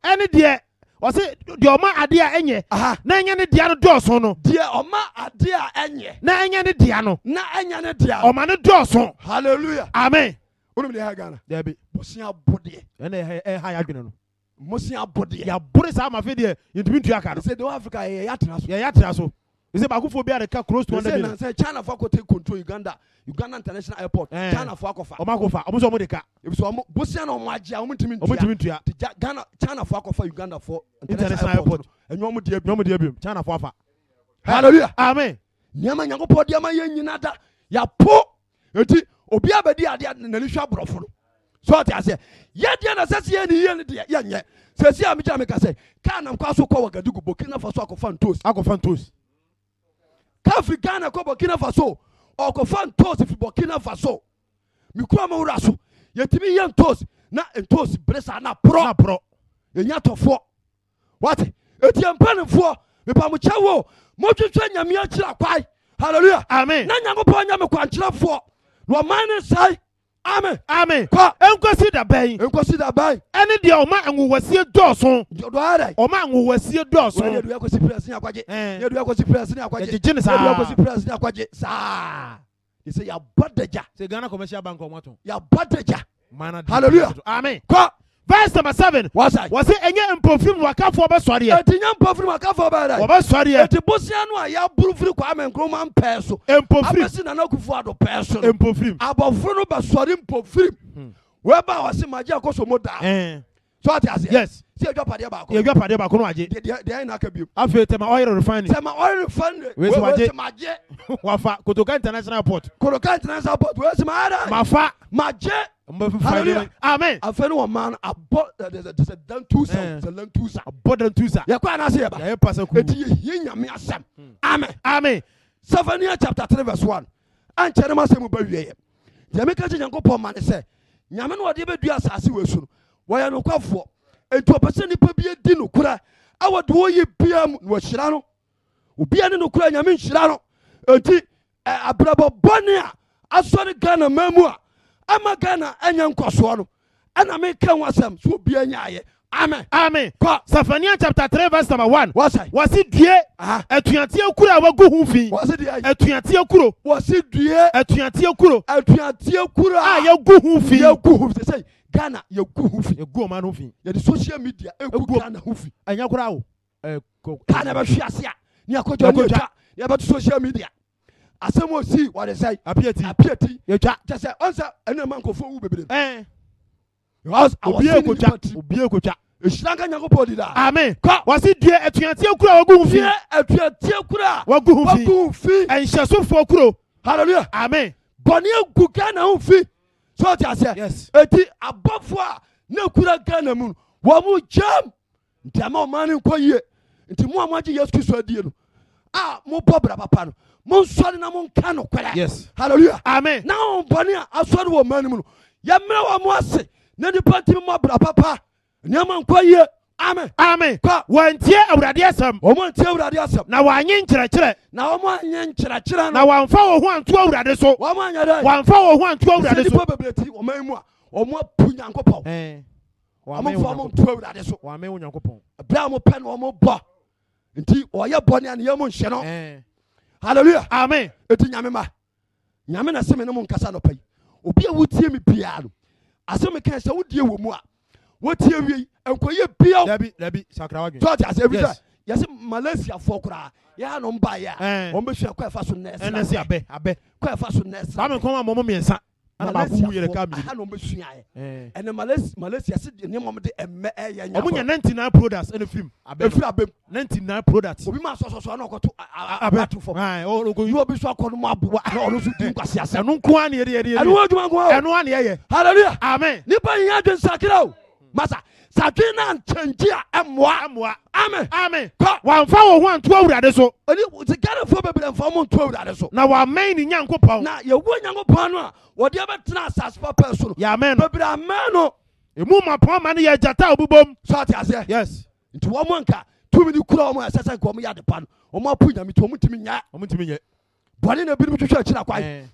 ɛne deɛ ɔsi deɛ ɔma adeɛ a ɛnyɛ na ɛnyɛ ni dea no dɔɔso no. deɛ ɔma adeɛ a ɛnyɛ. na ɛnyɛ ni dea no. na ɛnyɛ ne dea no. ɔma ne dɔɔso. hallelujah. amen. wọn mi de ha gana. dabi. bosia bodeɛ. ɛna ɛha ɛha yadwene no. bosia bodeɛ. yabore saa ma fi deɛ yɛntumi ntua ka no. sɛ dewa africa yɛ yatena so. yɛ yatena so sɛ baakofoɔ bi a deka close to hundred million. sɛ china fɔ akɔ control uganda uganda international airport eh. china fɔ akɔfa. ɔmɔ akɔfa ɔmɔ sɛ ɔmɔ de ka. ebisɛ ɔmɔ bosia na ɔmɔ agye a ɔmɔ ntumi ntuya ɔmɔ ntumi ntuya. ghana china fɔ akɔfa uganda fɔ international airport ɛnyɔmu diɛ bi ɛnyɔmu diɛ bi china fɔ afa. hallelujah amen. nneɛma nyankopɔ diɛma yɛ nyina da po. eti obi a bɛ di adeɛ nani hwɛ aborɔfo no so ɔte aseɛ yɛ deɛ na sɛ sɛ yɛ ni yɛ ni deɛ yɛ nyɛ sɛ si a mi gyina mi ka sɛ kaa nam kɔ aso kɔ wɔ gadigu burkina faso akɔfa ntoos akɔfa ntoos ka firi ghana kɔ burkina faso ɔkɔfa ntos firi burkina faso mekura ma wura so yɛtumi yɛ ntos na ntos bere saa na porɔ ɛnya tɔfoɔ wate ɛtiɛ mpanefoɔ mepamokyɛ wo motwetwɛ nyamea kyira kwae Hallelujah. amen na nyankopɔn nyɛ me kwankyerɛfoɔ na ɔman amen. amen. kɔ. enkosi daba yi. enkosi daba yi. ɛni deɛ ɔma ŋuwasie dɔɔso. jɔdɔ ara yi. ɔma ŋuwasie dɔɔso. wɛrɛ de duyakosi pilasi ni akwaje. ɛɛ eh. de duyakosi pilasi ni akwaje. ɛjijin saa. de duyakosi pilasi ni akwaje. saa. de se yaba daja. se ghana commercial bank ɔmɔ tun. yaba daja. maana di. hallelujah. amen. kɔ verse number seven. wasa. wasi enye mpofin wakafo bɛ sɔri yɛ. eti nye mpofin wakafo bɛ dɛ. wɔbɛ sɔri yɛ. eti bosia nu a y'a burufiri kwame nkuruma pɛɛ so. mpofin abesi nana kufu ado pɛɛ so. mpofin. abɔfra nu bɛ sɔri mpofin. Hmm. wɛba wasi maji akosomo da. Eh. so a ti a seɛ. yes. si ejɔ padeɛ baako. ejɔ padeɛ baako n'o aje. deɛ deɛ yina kɛ bi. afe tɛmɛ ɔyɛrɛ refinery. tɛmɛ ɔyɛrɛ refinery. wesi waje wesi maje. wafa kotoka international port. kotoka international port wesi ma yɛrɛ. mafa. maje. Hallelujah. Amen. Afeni wɔn man abɔ sɛ dantusa sɛ a Abɔ dantusa. Yɛ kɔ anase yɛ ba. Yɛ pasa kuru. Eti yɛ yie nyame asɛm. Hmm. Amen. Amen. Sefaniya chapter three verse one. Ankyɛ ne ma se mu ba wie yɛ. Nyame ka kye nyanko pɔn ma ne sɛ nyame no ɔde bɛ du asase wɔ esu no wɔyɛ no kɔfoɔ. Etu ɔpɛ sɛ nipa bi edi no kura awɔ do oyi bia mu wɔ hyira no. Obiara ne no kura nyame nhyira no. Eti ɛ eh, abrabɔ bɔnne a asɔre Ghana mɛmu a ama ghana ɛnyɛ nkɔsoɔ no ɛna meka wo asɛm sɛ obia nyaayɛ amen amen kɔ safania chapter three verse number one wɔsɛ wɔsi due ɛtuateɛ kuro a wagu ho fi wɔsi due ɛtuateɛ kuro wɔsi due ɛtuateɛ kuro ɛtuateɛ kuro a yagu ho fi yagu ho fi sɛ ghana yagu ho fi yagu ɔman ho fi yɛde social media egu ghana ho fi ɛnyɛ kura o ɛɛ ko ghana bɛ fi ase a ni akɔjɔ ni etwa ni ɛbɛ to social media asɛm osii wɔde sɛ apiati yɛtwa kyɛ sɛ ɔnsɛ ɛne ma nkɔfoɔ wu bebrem obiekowa ɛhyira nka nyankopɔn di daa amen wɔse due atuateɛ kuro a wagu ho fie atuateɛ kuro a wagu ho fi ɛnhyɛsofoɔ kuro halleluya amen bɔne agu ghana ho fi so ɔte aseɛ ɛti abɔfoɔ a na kura ghana mu no wɔ mo gyam nti ama ɔma ne nkɔ yie nti mo a moagye yesu kristo adie no a mobɔ bra papa no monsɔre na monka nokorɛ yes. halleluya amen na ɔbɔne a asɔre wɔ ma no mu no yɛmmerɛ wɔ mo ase na nipa ntimi mɔ bra papa nneɛma nkɔ yie amen amen kɔ wɔntie awurade asɛm wɔn ntie awurade asɛm na wɔanye nkyerɛkyerɛ na wɔn anye nkyerɛkyerɛ no na wɔnfa wɔn ho anto awurade so wɔn anya dɛ wɔnfa wɔn ho anto awurade so nipa bebree ti wɔn mu a wɔn apu nyankopɔn wɔn fa wɔn nto awurade so wɔn amɛ wɔn nyankopɔn ebile a wɔn pɛ na wɔn bɔ nti wɔyɛ bɔnne a ne yɛ mo nhyɛ no. Hallelujah. amen ɛti nyame ma nyame na sɛ me ne mo nkasa nɔpa yi obi a wotie me biaa no asɛm ka sɛ wodie wɔ mu a wotie wiei ɛnkɔyɛ biaotasɛ yɛsɛ malaysiafoɔ koraa yɛa no mbayɛ a ɔmbɛsua kɔ fa so nɛs kɔ ɛfa so nɛs malasia ɛna ɔmo sua eh. yɛ ɛna malasia malasia si di nneɛma de ɛmɛ ɛyɛ nyakɔ ɔmo nya ninety nine products ɛna fim efiri abem ninety nine products obi ma sɔsɔsɔ ɛna ɔkɔto abɛto fɔ yi obi so akɔ no mu abuwa ɛna ɔno so di nkwasi asɛ ɛnu nko ani yɛ de yɛ de yɛ ɛnu adwuma nko ɛnu ani yɛ yɛ hallelujah amen nipa yi yɛ adi nsakira o masa sadwe no nkyɛngye a ɛmmoa ame ame kɔ wamfa wo ho anto awurade so ɛni sikanafoɔ bebree mfa mo nto awurade so na wamɛn ne nyankopɔn na yɛwuo nyankopɔn no a wɔde bɛtena asase papa so no yɛamɛn no bebree amɛn no ɛmu mapɔn ma no yɛ gyata obubom so ate aseɛ yes nti wɔmo nka tumi ne kura ɔmo ɛsɛ sɛ nka ɔmo yɛ adepa no ɔmo apo nyame nti ɔmo ntimi nyɛ ɔmo ntimi nyɛ bɔne na binom twitwa akyira kwan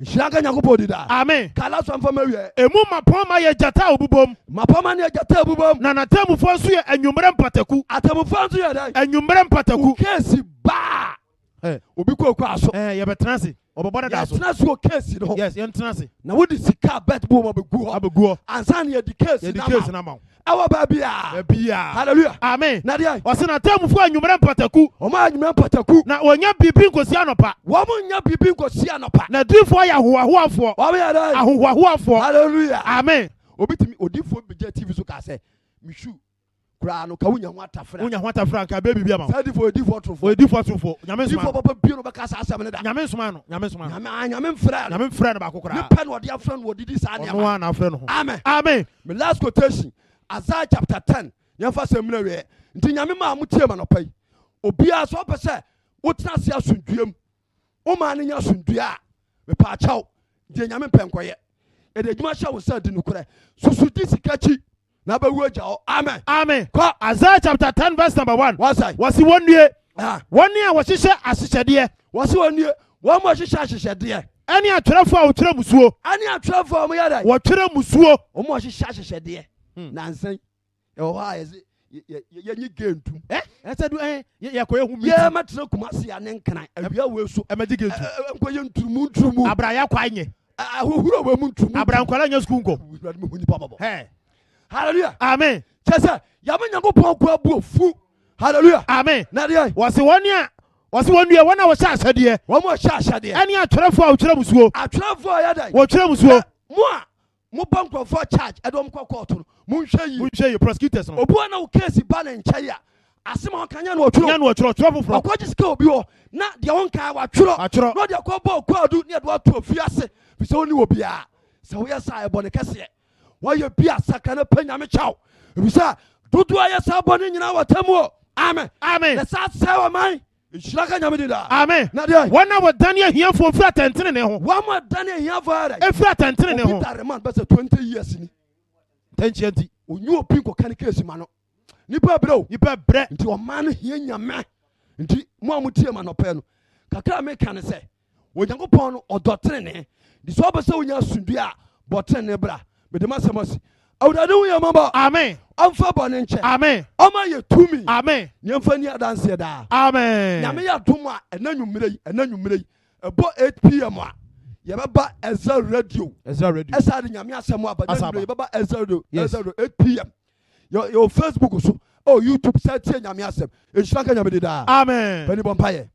nhyira nka di daa amen kala sɔ nfam awiɛ emu mapɔma yɛ gyata obubom mapɔma ne yɛ gyata obubom na natamufoɔ nso yɛ anwummerɛ mpataku atamufoɔ nso yɛ dɛn anwummerɛ mpataku kesi baa obi eh. kɔɔkɔ aso eh, yɛbɛtena ase ɔbɛbɔ dada so yɛtena se wɔ keesi no ho yes yɛntena se na wode sika bet bo ma bɛgu hɔ abɛgu hɔ ansa na yɛde keesi yɛde keesi na ma wo ɛwɔ baabi a baabi a hallelujah amen na deɛ ɔsɛ na tɛmufo anwummerɛ mpataku ɔma anwummerɛ mpataku na wɔnya biribi nkosi anɔpa wɔn nya biribi nkosi anɔpa na diifoɔ yɛ ahohoahoafoɔ wɔn yɛ dɛ ahohoahoafoɔ hallelujah amen obi tumi odiifoɔ bi gya tv so kaa sɛ misu Kura no ka wonya ho atafra wonya ho atafra nka bɛ biribi ama wo saa difo edifo atorofo edifo atorofo nyame nsoma difo papa bie no bɛka saa asɛm ne da nyame nsoma ah, no nyame nsoma no nyame nyame mfra no nyame mfra no baako koraa nipa na ɔde afra no wɔdidi saa nneɛma ɔno a na afra no ho amen amen Me last quotation Isaiah chapter ten yɛmfa sɛm mu na wiɛ nti nyame maa mo tie ma nɔpa yi obiara sɛ ɔpɛ sɛ wotena ase asomdua mu womaa no nya asomdua a mepɛ akyɛw deɛ nyame mpɛ nkɔyɛ ɛde adwuma hyɛ wo nsa di nokorɛ susudi sika kyi na bɛwu agya hɔ amen amen kɔ isaiah chapter ten verse number one. 1 wɔsae wɔse wɔnnue wɔne a wɔhyehyɛ ahyehyɛdeɛ wɔse wɔnnue wɔn mu ɔhyehyɛ ahyehyɛdeɛ ɛne atwerɛfoɔ a wɔtwerɛ musuo ɛne atwerɛfoɔ a wɔyɛ dɛ wɔtwerɛ musuo wɔn mu ɔhyehyɛ ahyehyɛdeɛ hmm. nansan ɛwɔ hɔ a yɛse yɛnyi gentu ɛsɛ do ɛn yɛkɔ ehu mi yɛ mɛtena kumasi a ne nkran awia wo eso ɛmɛdi gentu nkɔyɛ nturumu nturumu abraya kwa nye ahohoro wɔ mu nturumu abrankɔla nye sukuu nkɔ hallelujah amen kyɛ sɛ yɛme nyankopɔn ko abuo fu hallelujah amen na deɛ wɔse wɔne a wɔsi wɔn nua wɔn a wɔhyɛ ahyɛdeɛ. wɔn a wɔhyɛ ahyɛdeɛ. ɛni atwerɛfoɔ a wɔtwerɛ musuo. atwerɛfoɔ yɛ dɛ. wɔtwerɛ musuo. mu a mo bɔ nkurɔfoɔ charge ɛdi wɔn kɔ kɔɔto no mo n hwɛ yi. mo n hwɛ yi prosecutors no. obi wɔn na o keesi ba ne nkyɛn yi a asem a ɔkan yɛ no ɔtwerɛ. yɛ no ɔtwerɛ foforɔ. ɔkɔ gye sika obi hɔ na deɛ wɔn kan wɔatwerɛ. atwerɛ. n'o deɛ kɔ bɔ ɔkɔ adu ne ɛdi wɔn ato ofi ase wɔn ni wɔ biara sɛ wɔyɛ saa ɛbɔ ne kɛseɛ wɔyɛ bi asaka no pɛ nyame kyaw ebisɛ dodoɔ yɛ saa bɔne nyinaa wɔtamuo amen amen na saa sɛ wɔman nhyira ka nyame di daa amen na deɛ wɔn a wɔdane ahiafoɔ firi atɛntene ne ho wɔn a wɔdane ahiafoɔ yɛrɛ efiri atɛntene ne ho obi dare man bɛsɛ twenty years ni ntɛnkyɛn ti onye obi nkɔka ne keesi ma no nipa brɛ o nipa brɛ nti ɔman no hia nyame nti mo a mo tie ma nɔpɛ no kakra mi ka ne sɛ onyankopɔn no ɔdɔ tene ne de sɛ ɔbɛ sɛ onya a bɔ tene bra mede masɛm ase awurade wo yɛ mabɔ amen ɔmfa bɔne nkyɛ amen ɔma yɛ tumi amen neɛmfa ni adanseɛ daa amen nyame yɛ adom a ɛna nwummerɛ yi ɛna nwummerɛ yi ɛbɔ 8 pm a yɛbɛba ɛza radio ɛza radio ɛsa de nyame asɛm aba yɛbɛba ɛza radio ɛza radio 8 pm yɛwɔ facebook so ɛwɔ youtube sɛ tie nyame asɛm ɛhyira nka nyame de daa amen pani bɔ mpayɛ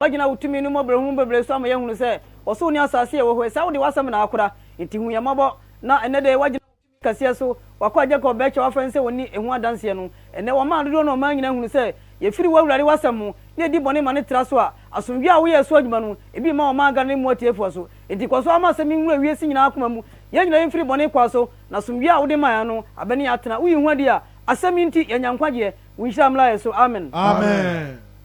wagyina wo tumi no mɔbrɛhu bebree so ama yɛhunu sɛ ɔso ne asase ɛwɔ hɔ saa wode w'asɛm na akora nti hu yɛmmɔbɔ na ɛnɛ de wagyina kɛseɛ so wakɔ agye kɔ bɛkyɛ wafɛn sɛ wɔni ɛho adanseɛ no ɛnɛ wɔma dodoɔ na ɔma nyina hunu sɛ yɛfiri wawurade w'asɛm ho ne ɛdi bɔne ma ne tra so a asomdwe a woyɛ so adwuma no ebi ma ɔma aga ne mu atiefoɔ so nti kɔ so ama asɛm nwura wiase nyinaa akoma mu yɛn nyina yɛmfiri bɔne kɔa so na asomdwe a wode maɛ no abɛne yɛatena woyi ho adi a asɛm yi nti yɛnyankwagyeɛ wonhyira mmra yɛ so amen amen